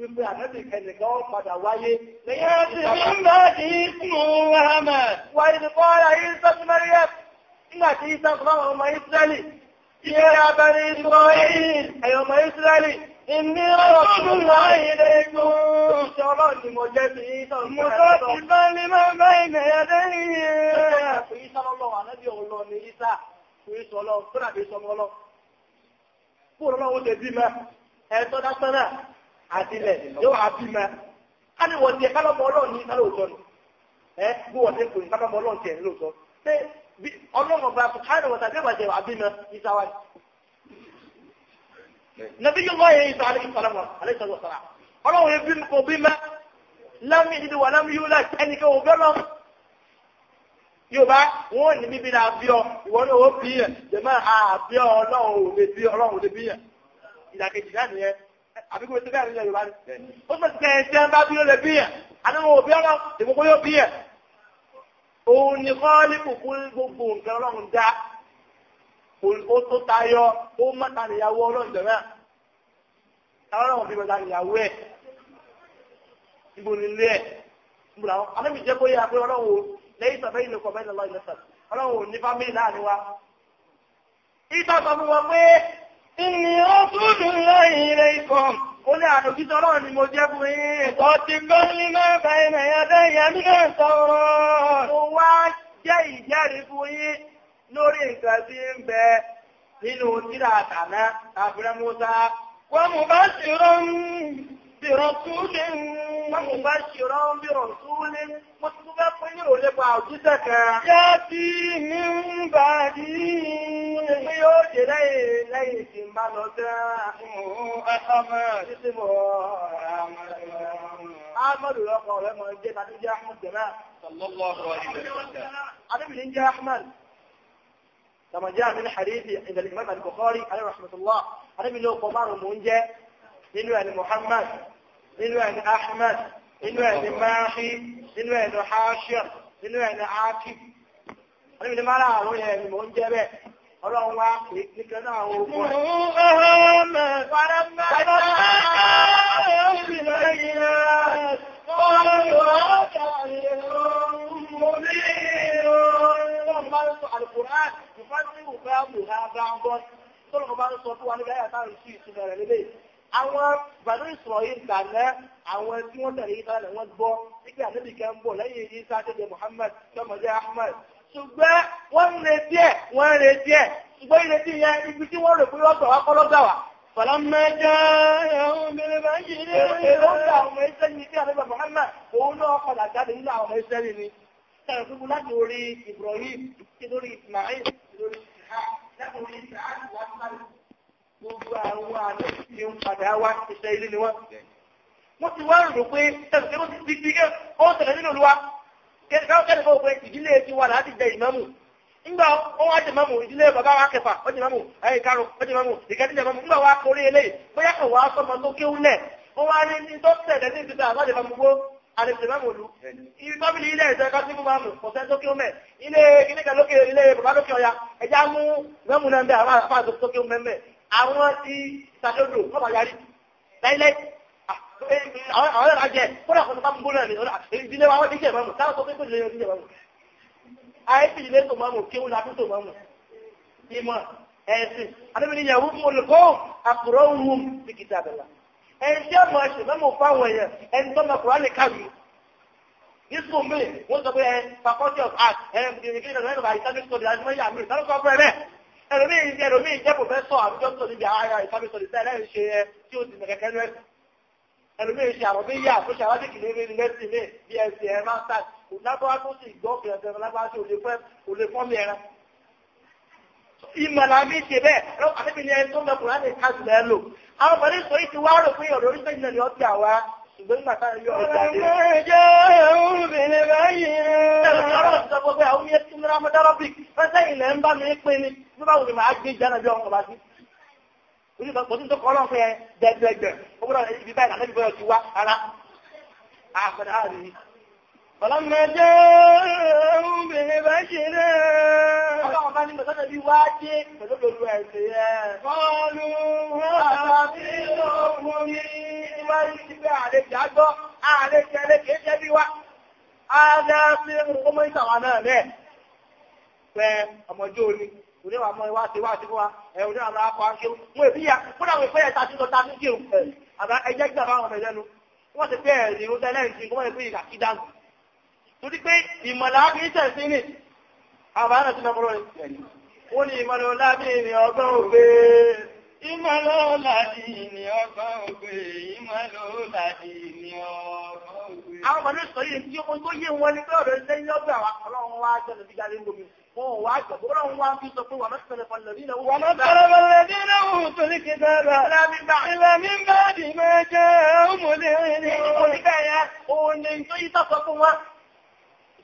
wípé ànábì kẹnìkan ó padà wáyé lẹ́yìn ẹ̀sìn nígbà tí ìsìnkú muhammad wáyé ti kọ́ra ìsọ́ sí mẹ́rìyàm nígbà tí ọmọ ìsírẹ́lì Ìní ọlọ́dún láàrin ẹgbùn. àdílẹ̀ yóò wà bímọ káni wọ́n tiẹ̀ kálọ́mọ ọlọ́run ní kálọ́ ni ẹ bí wọ́n ti ń pòyìn kálọ́mọ ọlọ́run tiẹ̀ ọlọ́run ọba kò káyọ̀ wọ́n tàbí ìbàjẹ́ wà ìta wa. nàbí yóò ìta ọlọ́run kò lámì ìdí wà lámì yóò láti wọn ò ní bíbí náà bí ọ ìwọ bí ọ ò lè bí ò àbíkú ètò bẹ́ẹ̀ nílẹ̀ yorùbá ni ó sì kẹ́ ẹ jẹ́ bá bí ó lè bí yẹn àdéhùn òbí ọ̀nà ìgbókó yóò bí yẹn òun ni kọ́ọ́lì kùkú gbogbo nǹkan ọlọ́run dá ó tó tayọ ó mọ́ta níyàwó ọlọ́run jẹ̀ náà ọlọ́run fi mọ́ta níyàwó ẹ̀ ibo nílé ẹ̀ ibo làwọn àdébì jẹ́ bóyá pé ọlọ́run lẹ́yìn tàbí ìlú kọ̀ọ̀bẹ́ ìlọ́lọ́ ìlẹ́sà ọlọ́run ò ní fámìlì láàrin wa. ìtàn sọ fún wọn pé Inni ọdún láyé ilé ikọ̀, ó ní àdókítọ́ náà ni mo jẹ́ fún yín. Ọtí gan ní máa bá ẹ̀nà ẹ̀dá ìyàmí náà sọ̀rọ̀. Mo wá jẹ́ ìjẹ́rìí fún yín lórí nǹkan ń bẹ nínú tírà àtàná àbúrẹ́mọ́sá. Wọ́n mú bá ṣèrọ̀ ń ṣèrọ̀ tún wọ́n bá ṣìrọ́ bí rọ̀súlé mo ti bá pín ní òlé pa òjíṣẹ́ kan. Yẹ́ bí mi ń bà dí. Ṣé yóò dé lẹ́yìn lẹ́yìn tí ń bá lọ jẹ́ Ahmed. Títí mọ̀ Ahmed. Ahmed lọ́kọ̀ rẹ̀ mọ̀ jẹ́ tàbí jẹ́ Ahmed jẹ́ náà. Sallallahu alaihi wa sallam. Adébìnrin jẹ́ Ahmed. كما جاء من حديث عند الإمام البخاري عليه رحمة الله أنا من لو قمار المنجة من محمد nínú ẹni Ahmed nínú ẹni Mahi nínú ẹni Hashir nínú ẹni Akif wọ́n ní mara àwọn yẹn ni mò ń jẹ́ bẹ́ẹ̀ ọlọ́run wá pé nìkan àwọn ogun rẹ̀. Tọ́lọ̀ bá ń sọ fún wa nígbà yàtà ìsú ìsinmi rẹ̀ lélẹ́yìí àwọn bàbá ìsọ̀rọ̀ ìgbà náà àwọn tí wọ́n tẹ̀lé ìsára náà wọ́n gbọ́ nígbà ànábì kan bọ̀ lẹ́yìn ìsá tẹ́jẹ́ Muhammad tọmọdé Ahmad ṣùgbọ́n wọ́n ń retí ẹ̀ wọ́n ń retí ẹ̀ ṣùgbọ́n ìrètí yẹn ibi tí wọ́n rò pé wọ́n gbà wá kọ́ lọ́gbà wá. Fọlọ́mẹ́jọ́ ẹ̀hún obìnrin bá ń ṣe ní èròǹgbà ọmọ iṣẹ́ ni tí Muhammad òun náà padà bàbá wa lẹ́sí ń padà wá iṣẹ́ ilé ni wọ́n. wọ́n ti wá rò pé tẹ̀sán ló ti di ti kẹ́ ó tẹ̀lé nínú olúwa kẹ́kẹ́ kọ́ pé ìdílé ti wà láti jẹ ìmámù ńgbà wọn wá jẹ mọ́mù ìdílé bàbá wa kẹfà ó jẹ mọ́mù ẹ̀yìn karùn ó jẹ mọ́mù ìkẹ́tì jẹ mọ́mù ńgbà wa kórè eléyìí bóyá kàn wá sọmọ tó kéwú lẹ̀ wọ́n wá ní ní tó tẹ̀lé ní ìdílé àbájẹ mọ́mù gbó àlejò mọ́mù lu ibi bábìlì ilé ẹ̀jẹ̀ kọ́ sí mú mọ́mù kò sẹ́ tó kéwú mẹ́ ilé kíníkà lókè ilé bàbá lókè ọya ẹ̀já mú mọ́mù náà bẹ́ẹ̀ àwọn àfáà tó kéwú mẹ́mẹ́ àwọn ti sàdódò kọ́bà yarí láìlẹ́ àwọn ẹ̀rọ ajẹ́ kọ́dà kọ́dà bá ń gbóná ní ìdílé wa wọ́n ti jẹ́ ìmọ̀mù táwọn tó pé kò lè yọ ìdílé ìmọ̀mù àìsí ilé tó mọ̀mù kí wọ́n lábí tó mọ̀mù ìmọ̀ ẹ̀sìn adébìnrin yẹ̀wò fún olùkọ́ àkùrọ̀ ohun ti kìtà àbẹ̀là ẹni tí ọmọ ẹ̀sìn mẹ́mọ̀ fáwọn èèyàn ẹni tó mọ̀ kùrọ̀ lè kàwé ní sùn mi wọ́n sọ pé ẹ faculty of arts ẹ̀ ẹlòmíì jẹ́ ẹlòmíì jẹ́ pòfẹ́sọ̀ àbújọ́ tó níbi àárá ìfàmìsọ̀ ìfẹ́ ẹlẹ́rìí ṣe ẹ tí ó ti mẹ̀kẹ́kẹ́ rẹ̀ ẹlòmíì ṣe àwọn méjì àkóṣe àwádìí lè rí lẹ́sì mi bí ẹsẹ̀ ẹ máa ń sà kò lábọ́ tó sì gbọ́ fìyànjẹ́ lábára tí ò lè fọ́ mi ẹran. ìmọ̀lá mi ṣe bẹ́ẹ̀ lọ àdébìnrin ẹni tó mẹkùnrin láti ká jùlọ ẹ lò àwọn ọmọdé sọ yìí ti wá rò pé ọ̀rọ̀ orí ṣùgbọ́n nígbà táwọn yọ ọjà dé. ọ̀rọ̀ jẹ́ òun bìnrin báyìí. ẹ̀rọ ìjọba ti sọ pé àwọn yẹn ti ń rámọ dárọ́bì fẹ́sẹ̀ ilẹ̀ ń bá mi pé ni bí báwo ni màá gbé ìjà náà bí ọkọ̀ bá sí. ojú kan kò tún tó kọ́ ọlọ́run fẹ́ dẹ́gbẹ̀gbẹ̀ ó gbọ́dọ̀ ibi báyìí Ọlọ́mọ jẹ́ obìnrin bá ṣe rẹ̀. Ọlọ́mọ bá ní mọ̀sánà bí wá jẹ́ pẹ̀lú olú ẹ̀sẹ̀ rẹ̀. Bọ́ọ̀lù àtàbí ọkùn mi wá ní ti pé ààrẹ jàgbọ́, ààrẹ jẹ́lẹ̀ kìí jẹ́ bí wá. Ààrẹ sí ọmọ ìtàwà náà rẹ̀. Pẹ́ ọmọjọ́ orí, òní wà mọ́ ìwá ti wá ti wá, ẹ̀ òní àwọn akọ akẹ́ mú èbí yà, kúrò àwọn ìfẹ́yẹ̀ ta sí lọ ta sí kí o. Àbá ẹjẹ́ gbà bá wọn ẹ̀lẹ́nu. Wọ́n ti pẹ́ ẹ̀rìn ó tẹ́lẹ̀ ìsìn kọ́mọ́ ìpín ìkàkí dáàbò torí pé ìmọ̀lá kìí tẹ̀sí ní àbára tí lọ́pọ̀lọ́ ìsẹ̀lẹ̀ ó ní ìmọ̀lá lábí ní ọgbọ́n ògbé ìmọ̀lá láti ní ọgbọ́n ògbé ìmọ̀lá láti ní ọgbọ́n ògbé àwọn ọmọdé sọ yìí tí ó tó yé wọn ní pé ọ̀rọ̀ ilé lọ́gbà ọlọ́run wá jẹ́ lọ́bí jáde lómi wọn wá jọ̀bọ́ ọlọ́run wá fi sọ pé wà mẹ́sẹ̀lẹ̀ pọ̀lẹ̀bí náà wọ́n mẹ́sẹ̀lẹ̀ náà wọ́n tó ní kí dára lábí bá ìlàmí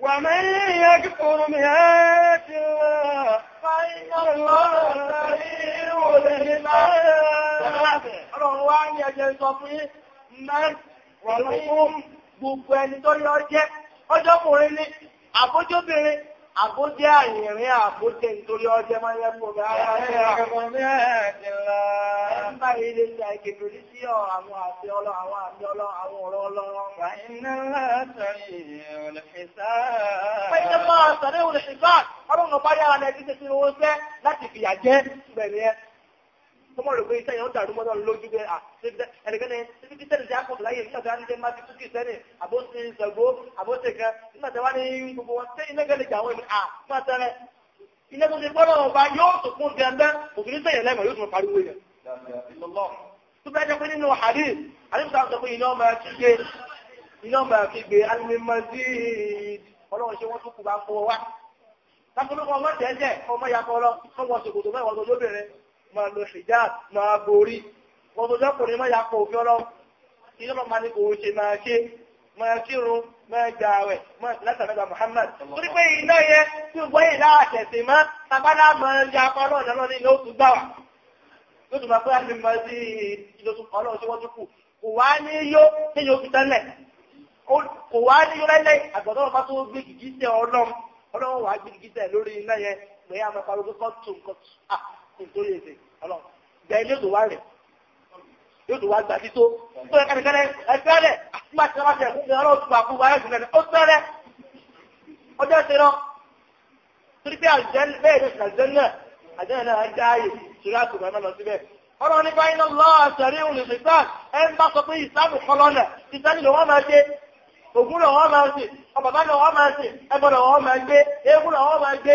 ومن يكفر بآيات الله فإن الله سريع الحساب ọlọ́run wá ní ẹjẹ́ sọ fún náà wà lọ́wọ́ gbogbo ẹni tó àbójẹ́ àyìnrín àbójẹ́ nítorí ọjẹ́ máa yẹ fún ọgá Ẹgbà ilé ṣe àìkètò ní sí àwọn àti ọlọ́ àwọn àti ọlọ́ àwọn ọ̀rọ̀ ọlọ́rọ̀. Fàínà látàrí olùfẹ́sà. Fàínà máa sàrẹ́ olùfẹ́sà, ọlọ́run bá yára lẹ́gbẹ́ ọmọ rẹ̀ pé iṣẹ́ yẹn ó dàrú mọ́tọ́ lójú pé ẹnìkẹ́ni títí kí sẹ́ni ti ápọ̀ láyé nígbà tí a ní ṣe máa ti kú kí sẹ́ni àbóṣe ìṣàgbó àbóṣe kan nígbà tí a wá ní gbogbo wọn sẹ́yìn iná gẹ́lẹ́ jà àwọn èmi à máa tẹ́lẹ̀ iná tó ti gbọ́dọ̀ ọba yóò tó kún gẹ́gẹ́ òfin sẹ́yìn lẹ́mọ̀ yóò tún pariwo yẹn. tó bẹ́ẹ̀ jẹ́ pé nínú hàdí àdébùtà sọ pé iná máa fi gbé iná máa fi gbé alimimazid ọlọ́run ṣe wọ́n tún kù bá máa lo hijab máa borí ọdọjọ́kùnrin máa yàpọ̀ òfin ọlọ́run tí yọ́lọ́ máa ní kò ṣe máa ṣe máa kírun máa gba àwẹ̀ látàmẹ́gbà Muhammad torí pé iná yẹ tí ó gbọ́yìn láàṣẹ̀sìn mọ́ tabalá máa ya apá ọlọ́run lọ́nà ní oṣù gbà wà lóṣù máa pé a lè máa sí ìlọsù ọlọ́run tí wọ́n tún kù kò wá ní yó ní yóò fi tẹ́lẹ̀ kò wá ní yó lẹ́lẹ́ àgbọ̀dọ́ ọba tó gbé gìgísẹ̀ ọlọ́run ọlọ́run wàá gbé gìgísẹ̀ lórí iná ọlọ́run gba ilé òdò wá rẹ̀ yóò tó wá gbà tító tó yẹ kẹ́lẹ́kẹ́lẹ́ ẹgbẹ́rẹ́ nígbà tí wọ́n ṣe ẹ̀kúnlẹ̀ ọlọ́run tó wà fún wa ẹ̀sùn lẹ́nu ó tẹ́rẹ́ ọjọ́ ṣe rán torí pé àjẹ́lẹ̀ bẹ́ẹ̀ ni àjẹ́lẹ̀ àjẹ́lẹ̀ náà já ààyè ìṣúra àtùmọ̀ náà lọ síbẹ̀ ọlọ́run ní báyìí náà lọ́ àṣẹrí òun lè ṣètàn ẹ ń bá sọ pé ìsáàmù kọlọ́nà ìsáàmù ló wọ́n máa ṣe ògùn lọ́wọ́ máa ṣe ọbàbá lọ́wọ́ máa ṣe ẹbọ lọ́wọ́ máa ṣe eégún lọ́wọ́ máa ṣe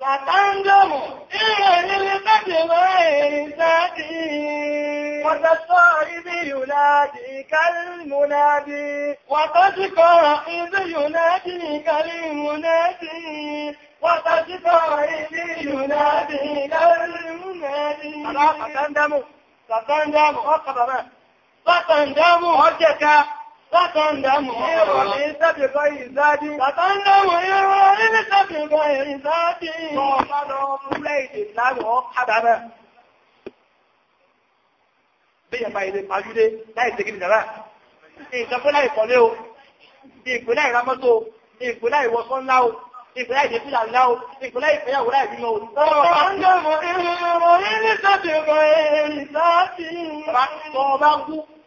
فتندم إلى القدر غير ساتي وتصائب يناديك المنادي وتشكى إذ يناديك المنادي وتشكى إذ يناديك المنادي فتندم فتندم فتندم هجك Látàndàmù ẹ̀rọ ní sẹ́bẹ̀kọ́ ìzádi. Látàndàmù ẹ̀rọ ní sẹ́bẹ̀kọ́ ìzádi. Wọ́n bá lọ múlẹ̀ èdè láwọ̀ àdàbẹ̀. Bí ẹ̀mà ilé pàjúdé láì tẹ́gì nìjàrá. Ìjọpẹ́ láì kọ̀lé o. Ìpínlẹ̀ ìramọ́tò. Ìpínlẹ̀ ìwọ̀sán ńlá o. Ìpínlẹ̀ ìdẹ́fìlà ńlá o. Ìpínlẹ̀ ìfẹ́yàwó láì bímọ o. Látàndàmù ẹ̀rọ ní sẹ́bẹ̀kọ́ ìzádi. Bá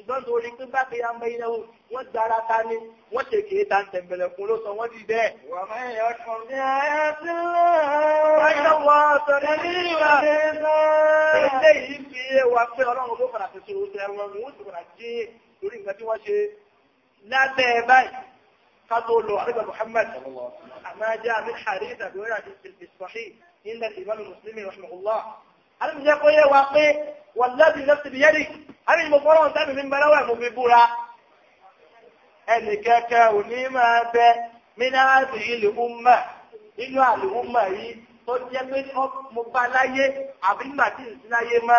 ṣùgbọ́n tó rí bá kìí àmọ́ ilẹ̀ ohun wọ́n dára ta ni wọ́n tẹ kìí ta ń tẹ̀m̀bẹ̀lẹ̀ fún ló sọ wọ́n ti bẹ́ẹ̀. wọ́n máa ń yọ ọkàn ní ayé tí lọ́wọ́. ọjọ́ wọ́n sọ ní ìwà. ilé yìí fi yé wa pé ọlọ́run ye wa pe wọ́n ṣe إن الإمام المسلم رحمه الله ألم يقول يا واقي والذي نفسي بيدك àbí mo fọ́lọ́run sábì mi ń bẹ lọ́wọ́ ẹ̀ mo búra ẹnì kẹ́kẹ́ ò máa bẹ mínárààtì ilé umma inú àlè umma yìí tó jẹ́ pé mo bá láyé àbí nígbà tí n sí láyé iná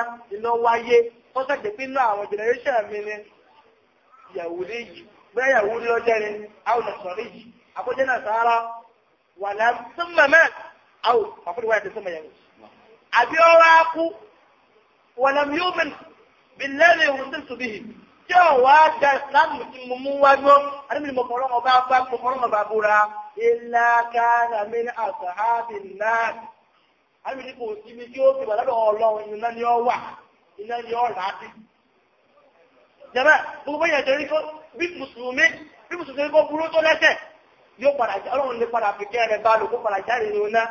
bílẹ́rì òṣèlú bí tí ó wá dá ìsìláàmù tí mo mú wá gbọ́ àdébìnrin mo fọ́rọ́ ọba apá mo fọ́rọ́ ọba búra ilá kára mi ní àṣàhábì náà àdébìnrin kò sí mi tí ó ti wà lọ́dọ̀ ọlọ́run iná ni ó wà iná ni ó rà á sí. jẹ́bẹ́ gbogbo yẹn jẹ́ ríkọ́ bí mùsùlùmí bí mùsùlùmí kọ́ burú tó lẹ́sẹ̀ yóò padà jẹ́ ọlọ́run lè padà fi kẹ́ bá lò kó padà jáde ní ọ̀nà.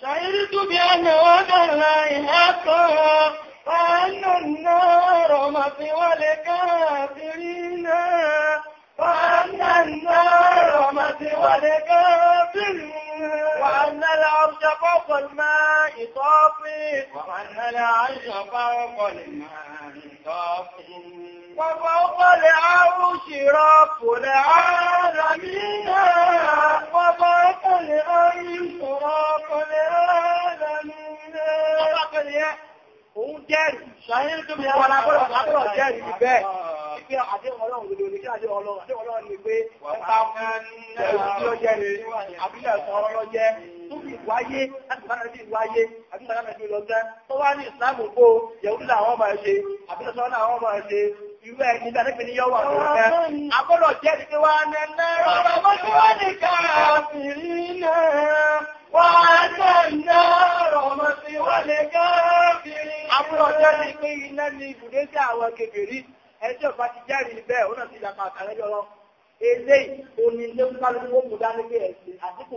ṣàyẹ̀dí فأن النار مثوى الكافرين وأن النار مثوى الكافرين وأن العرش فوق الماء طافي وأن العرش فوق الماء طافي وفوق العرش رب العالمين وفوق العرش رب العالمين òun jẹ́rìí ṣàyẹn tó bí wọn lábọ́rọ̀ jẹ́rìí ní bẹ́ẹ̀ pé àdéhùn ọlọ́run lòdò ní kí àdéhùn ọlọ́run ni pé ẹ̀ta rẹ̀ àbílẹ̀ ẹ̀sọ̀ ọ̀rọ̀ lọ́jẹ́ tó fi wáyé láti bá wá ní ìsìlámù gbó yẹ̀wú Wàhálà náà rọ̀mọ̀ sí wọlé káàkiri. Àwọn ọjọ́ ni pé iná ni ibùdó sí àwọn kèfèrí. Ẹjọ́ bá ti jẹ́rìí bẹ́ẹ̀, ó náà ti dàpọ̀ àtàrẹ́jọ́ lọ. Eléyìí, omi ilé ń kálukú ó mú dání pé ẹ̀sìn àdínkù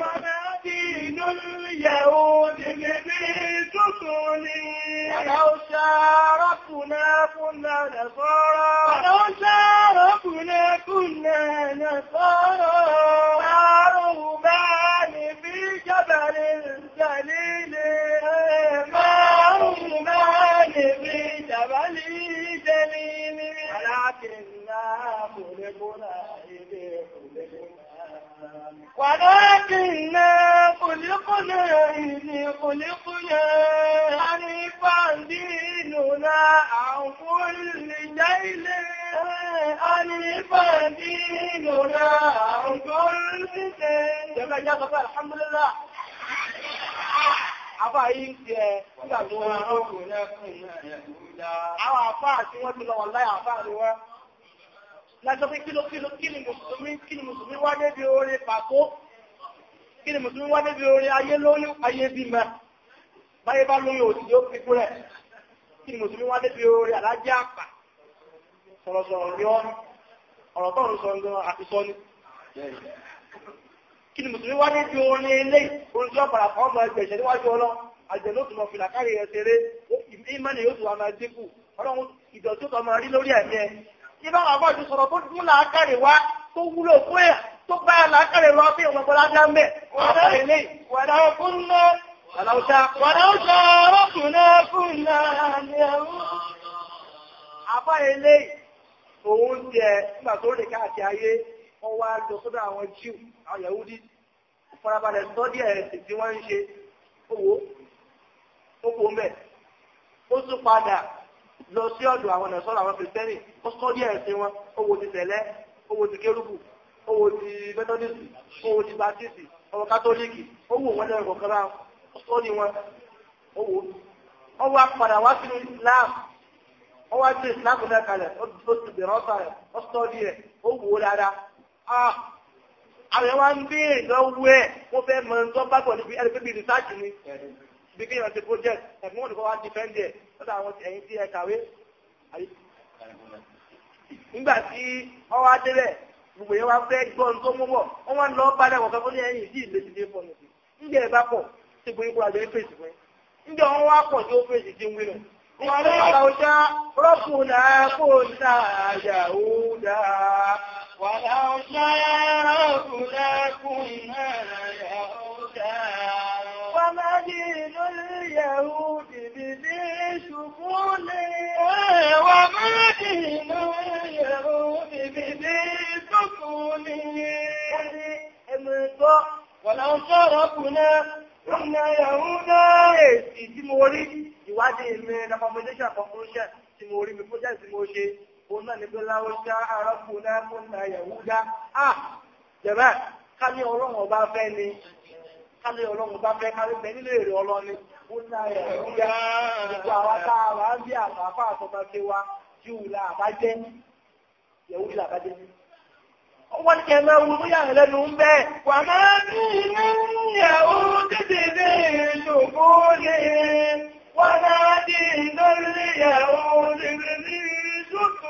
اليهود ببيت صولي àfáà yìí ń ti ẹ̀ nígbà wọ́n rán ọkùnrin àwọn àfáà tí wọ́n ti lọ wà láyé àfáà ni wọ́n lájọ́ pé kí ló kí ló kí ni mùsùlùmí kí ni mùsùlùmí wá débi oore pàtó kí ni mùsùlùmí wá débi ayé ayé báyé bá kí ni mùsùlùmí wá débi kí ni mùsùlùmí wá lójú orin ilé oúnjẹ ọ̀pàdà kan ọmọ ẹgbẹ̀ṣẹ̀ níwájú ọlọ́ àjẹ̀ ló tún fìlà kárí ẹ̀ ṣeré ìmọ̀ni yóò tún wà máa dínkù ọlọ́run ìdọ̀tí tó máa rí lórí ẹ̀mí ẹ̀ ibà wà bọ́ sọ̀rọ̀ tó dún làákàrè wá tó wúlò fún ẹ̀ tó bá ẹ̀ làákàrè lọ sí ọmọkọ lájá mẹ́ wàdà wọ́n wá lọ sọ́dọ̀ àwọn Júù àwọn Yahudi farabalẹ̀ sọ díẹ̀ ẹ̀sìn tí wọ́n ń ṣe owó owó mẹ́ ó tún padà lọ sí ọ̀dọ̀ àwọn ẹ̀sọ́ àwọn kìrìsìtẹ́nì ó sọ díẹ̀ ẹ̀sìn wọn owó ti tẹ̀lẹ́ owó ti kérúbù owó ti mẹ́tọ́dísì owó ti bátísì ọwọ́ kátólíìkì owó wọn lẹ́yìn kọ̀ọ̀kan bá ó sọ ní wọn owó ọwọ́ apàdà wá sínú Islam ọwọ́ àti Islam náà kalẹ̀ ó ti bẹ̀rẹ̀ ọ̀sán rẹ̀ ó sọ díẹ̀ owó dáadáa ah! àwọn ẹwà ń béèrè lọ́wọ́ ẹ̀ wọ́n fẹ́ mọ̀ tó bá pọ̀ níbi ẹni pé bí rìsáàjì ni bí kí èèyàn ti project ẹ̀fún òdìkọ́ wá dìfẹ́ndì ẹ̀ lọ́dọ̀ àwọn ẹ̀yìn tí ẹ kàwé. nígbà tí wọ́n wá délẹ̀ gbogbo yẹn wá fẹ́ gbọ́ tó mú bọ̀ wọ́n wá lọ bá dẹ̀wọ̀ kan fún ní ẹ̀yìn sí ìlé ti dé fún mi. ǹjẹ́ ẹ bá pọ̀ tí gbogbo àjọ ń fèsì fún ǹjẹ́ wọ́n wá pọ̀ tí ó fèsì tí ń wí nù. ìwà ولو شاء ربنا كنا يهودا وما دين اليهود بذي شكول وما دين اليهود بذي شكول ولو شاء ربنا كنا يهودا èsì tí mo rí ìwádìí mi recommendation conclusion tí mo rí mi project tí mo ṣe òun náà ní ṣá arákùn náà náà Yahuda à jẹ̀bẹ́ ká ní ọlọ́run ọba fẹ́ ni ká ní ọlọ́run ọba fẹ́ ká ló nílé èrè ọlọ́ni fún náà Yahuda gbogbo àwọn tá ń bí àfààfà àtọ́ta ṣe wa jù àbájẹ́ Yahuda là àbájẹ́ wọ́n ní ẹ̀mẹ́ wo bóyá ẹ̀lẹ́nu ń bẹ́ wà máa ní inú ìyàwó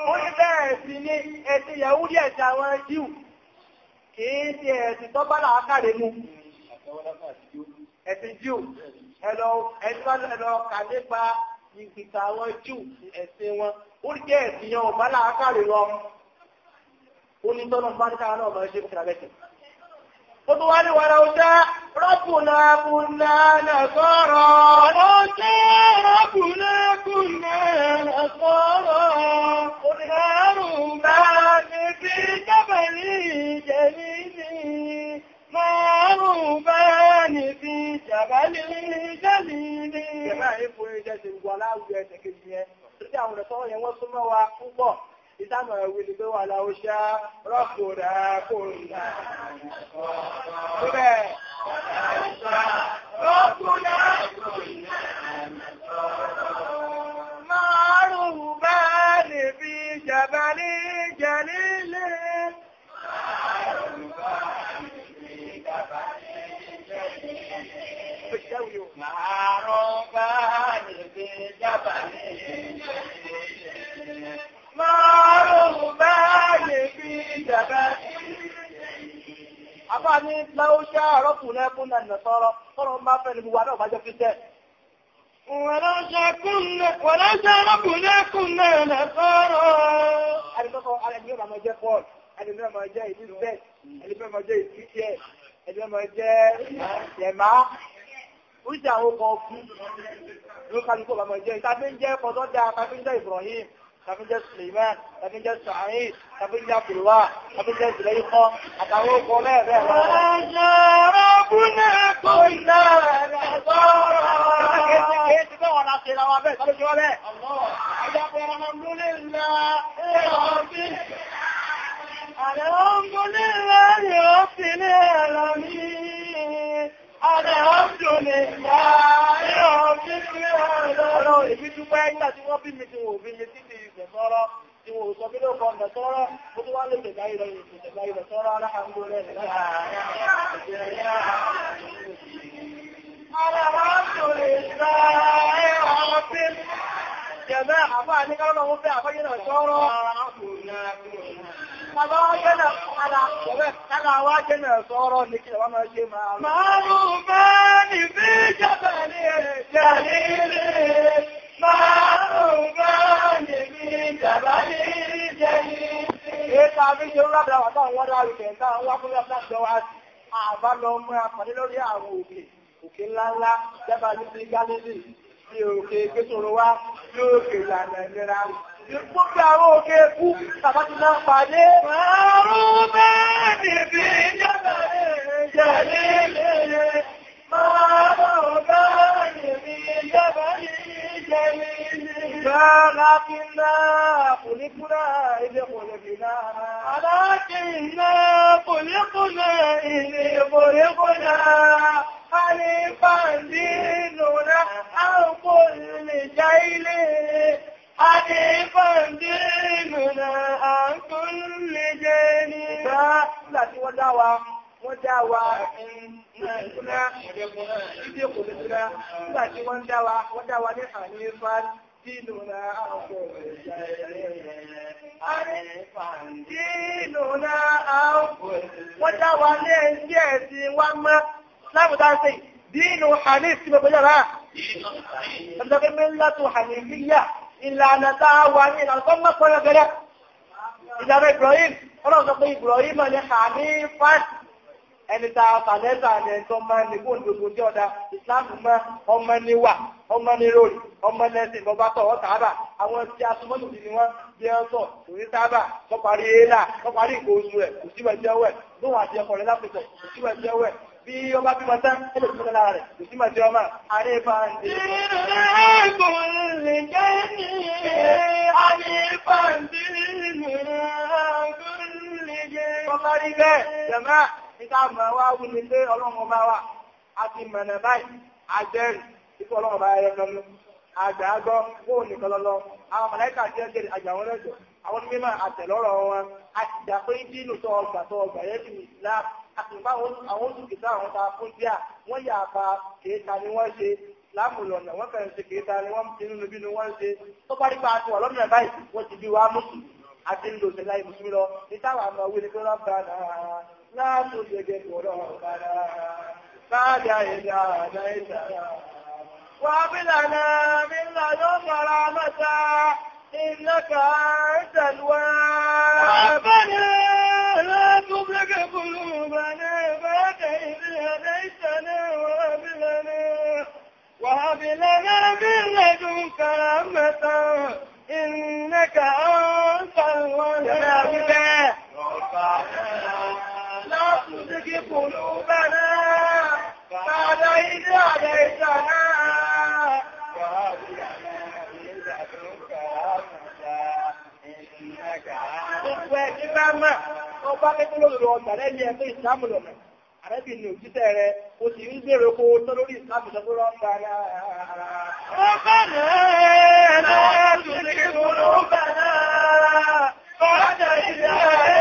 ó ní bẹ́ẹ̀ sí ní ẹ̀sìn yahudi ẹ̀sìn àwọn jíù kìí sí ẹ̀sìn tó bá làákàrẹ mú ẹ̀sìn jíù ẹ̀lọ ẹ̀lọ kàlépa ìgbìta àwọn jíù ẹ̀sìn wọn ó ní jẹ́ ẹ̀sìn yẹn ò bá làákàrẹ lọ ó ní tọ́nà bá ní káwọn náà mọ̀ ṣe ó tó wá ní wàrà ọjá rọ́pùnà kùnà nàkọ́rọ̀ ọjọ́ rọ́pùnà kùnà nàkọ́rọ̀ òdìrárùn bá ní bí jábẹ̀lì ìjẹ̀lì ní márùn bá ní bí jábẹ̀lì ìjẹ̀lì ní ẹ̀mà ìfòyìn jẹ́ ìdámọ̀ ẹ̀wí ni pé wà láwọ́ ṣá rọ́pò rẹ̀ kò rìnà síbẹ̀ rọ́pò rẹ̀ kò rìnà bá fi jàbá ní jẹ fi jàbá ní jẹ márùn-ún bẹ́ẹ̀lì fi ìjẹ̀bẹ́ àbá ní láúṣẹ́ àrọ́kùnrin ẹkùn náà nẹ̀sọ́rọ́ tọ́rọ ń bá fẹ́ ní gbogbo àdọ́ ìbájọ́ fi tẹ́ wọ̀lọ́ṣẹ́ àrọ́kùnrin ẹkùn náà nẹ̀sọ́rọ́ àdìsọ́kọ̀ alẹ́gbẹ̀rẹ̀ máa jẹ́ paul alẹ́gbẹ̀rẹ̀ máa jẹ́ elizabeth alẹ́gbẹ̀rẹ̀ máa jẹ́ ìfíṣẹ́ alẹ́gbẹ̀rẹ̀ máa jẹ́ ẹ̀má oríṣi àwọn ọkọ̀ ọkùn ló kálukọ̀ bá máa jẹ́ ìtàbí ń Ibrahim tàbí jẹ́ Suleiman tàbí jẹ́ Sa'id tàbí jẹ́ Abdullah tàbí jẹ́ Zulaikha àtàwọn ọkọ̀ lẹ́ẹ̀rẹ́ rẹ̀. Ọjọ́ rọ́bùnà kò iná rẹ̀ sọ́rọ̀. Kìí ti bẹ́wọ̀n láti ra wa bẹ́ẹ̀ tọ́lú jọ bẹ́ẹ̀. Ọjọ́ pẹ̀rọ ọmọdúnlélá ẹ̀rọ bí. Àrẹ ni ó fi ní ẹ̀rọ mi. Ọlọ́run ìbí dúpẹ́ nígbà tí wọ́n bí mi tí wọ́n bí mi tí النصارى ويقابلوا قوم النصارى خطوة للتبعير للتبعير النصارى الحمد لله الحمد لله رب جماعة ما عندك أنا مو فيها فين النصارى Àbáwájẹ́nà àlàwájẹ́nà sọ́rọ̀ ní kí wọ́n máa ṣe máa rùn. Máa rùn bẹ́ẹ̀ ni bí jẹ́ bẹ̀rẹ̀ jẹ́ Márùn-ún gáàlì bí ìjàbá ní ìjẹ́ yìí. Èta bí ṣe rúrà dáwà táwọn wọ́n dáa rùkẹ̀ táwọn wá fún láti lọ wá sí. Àbá lọ mọ́ àpàdé lórí àwọn òkè, òkè ńláńlá, jẹ́bà ní sí Gálílì, bí òkè Kéṣòro wá, bí òkè ìlànà ìlera. Ìpópẹ́ àwọn òkè ẹkú, tàbá ti náà pàdé. Márùn-ún gáàlì bí ìjàbá ní ìjẹ́ yìí. Márùn-ún gáàlì bí ìjàbá ní لكننا خلقنا إذ خلقنا لكننا خلقنا إذ خلقنا حليفا ديننا عن كل جيل حليفا ديننا عن كل جيل لا لا wọ́n dá wa ìdíkùnà ìdíkùnà nígbà tí wọ́n dá wa wọ́n dá wa ní ànífà dínúna àwọ̀ dínúna ìlànà táwa ní ìlànà tó mọ́ gẹ́rẹ́ ìjàmbá Ibrahim ọlọ́run Ibrahim ní hanifan ẹni tá a fà lẹ́sà ni ẹni máa ní kó nìgbò tí ọ̀dà ìsìláàmù mọ́ ọmọ ní wà ọmọ ní lórí ọmọ lẹ́sìn bọ́bá tọ̀ ọ́ sábà àwọn tí a súnmọ́ nìyí ni wọ́n bí ẹ sọ òní sábà wọ́n parí éèlà wọ́n parí ìgò oṣù rẹ̀ kò síwẹ̀ jẹ́ wẹ̀ lóhùn àti ẹkọ̀ rẹ̀ lápẹ̀tọ̀ kò síwẹ̀ jẹ́ wẹ̀ bí ọba bímọ tán ó lè fún lára rẹ̀ kò síwẹ̀ jẹ́ ọmọ àárẹ̀ bá nígbà mọ̀ wá wí ni pé ọlọ́run bá wà á ti mọ̀nà báyìí àjẹrì ikú ọlọ́run bá yẹ kan lọ àgbà àgọ́ bóun nìkan lọ lọ àwọn mọ̀lẹ́kà tí ó ṣe àjà wọn lẹ́jọ́ àwọn mímọ̀ àtẹ̀lọ́rọ̀ wọn a ti dà pé dínú tó ọgbà tó ọgbà yẹn ti nìlá àtìmọ́ àwọn oṣù kìtà àwọn ta fún díà wọ́n yà pa kéèta ni wọ́n ṣe lámùlọ̀nà wọ́n fẹ̀rẹ̀ ṣe kéèta ni wọ́n ti nínú bínú wọ́n ṣe tó bá nípa àti wọ̀n lọ́mìnà báyìí wọ́n ti bí wa mùsùlùmí àti ń lò ṣẹlẹ̀ ìmùsùlùmí lọ ní táwọn àmọ̀ wí ni pé wọ́n bá náà لا تزغ قلوبنا بعد إذ هديتنا وهب لنا من لدنك رحمة إنك أنت الوهاب ربنا لا تزغ قلوبنا بعد إذ هديتنا وهب لنا وهب لنا من لدنك رحمة إنك أنت الوهاب تزغ قلوبنا بعد إذ هديتنا وهب لنا من لدنك رحمة إنك أنت ọba kẹ́kẹ́ lórí ọjà lẹ́yìn ẹgbẹ́ ìsìlámù lọ́nà àrẹ́bì ní òjíṣẹ́ rẹ̀ o sì ń gbèrò kó tó lórí ìsìlámù lọ́gbọ́n lọ́n gba ara ara. ó bá náà náà tún ní kí mo ló bá náà ọ̀rọ̀ àjọ ìdílé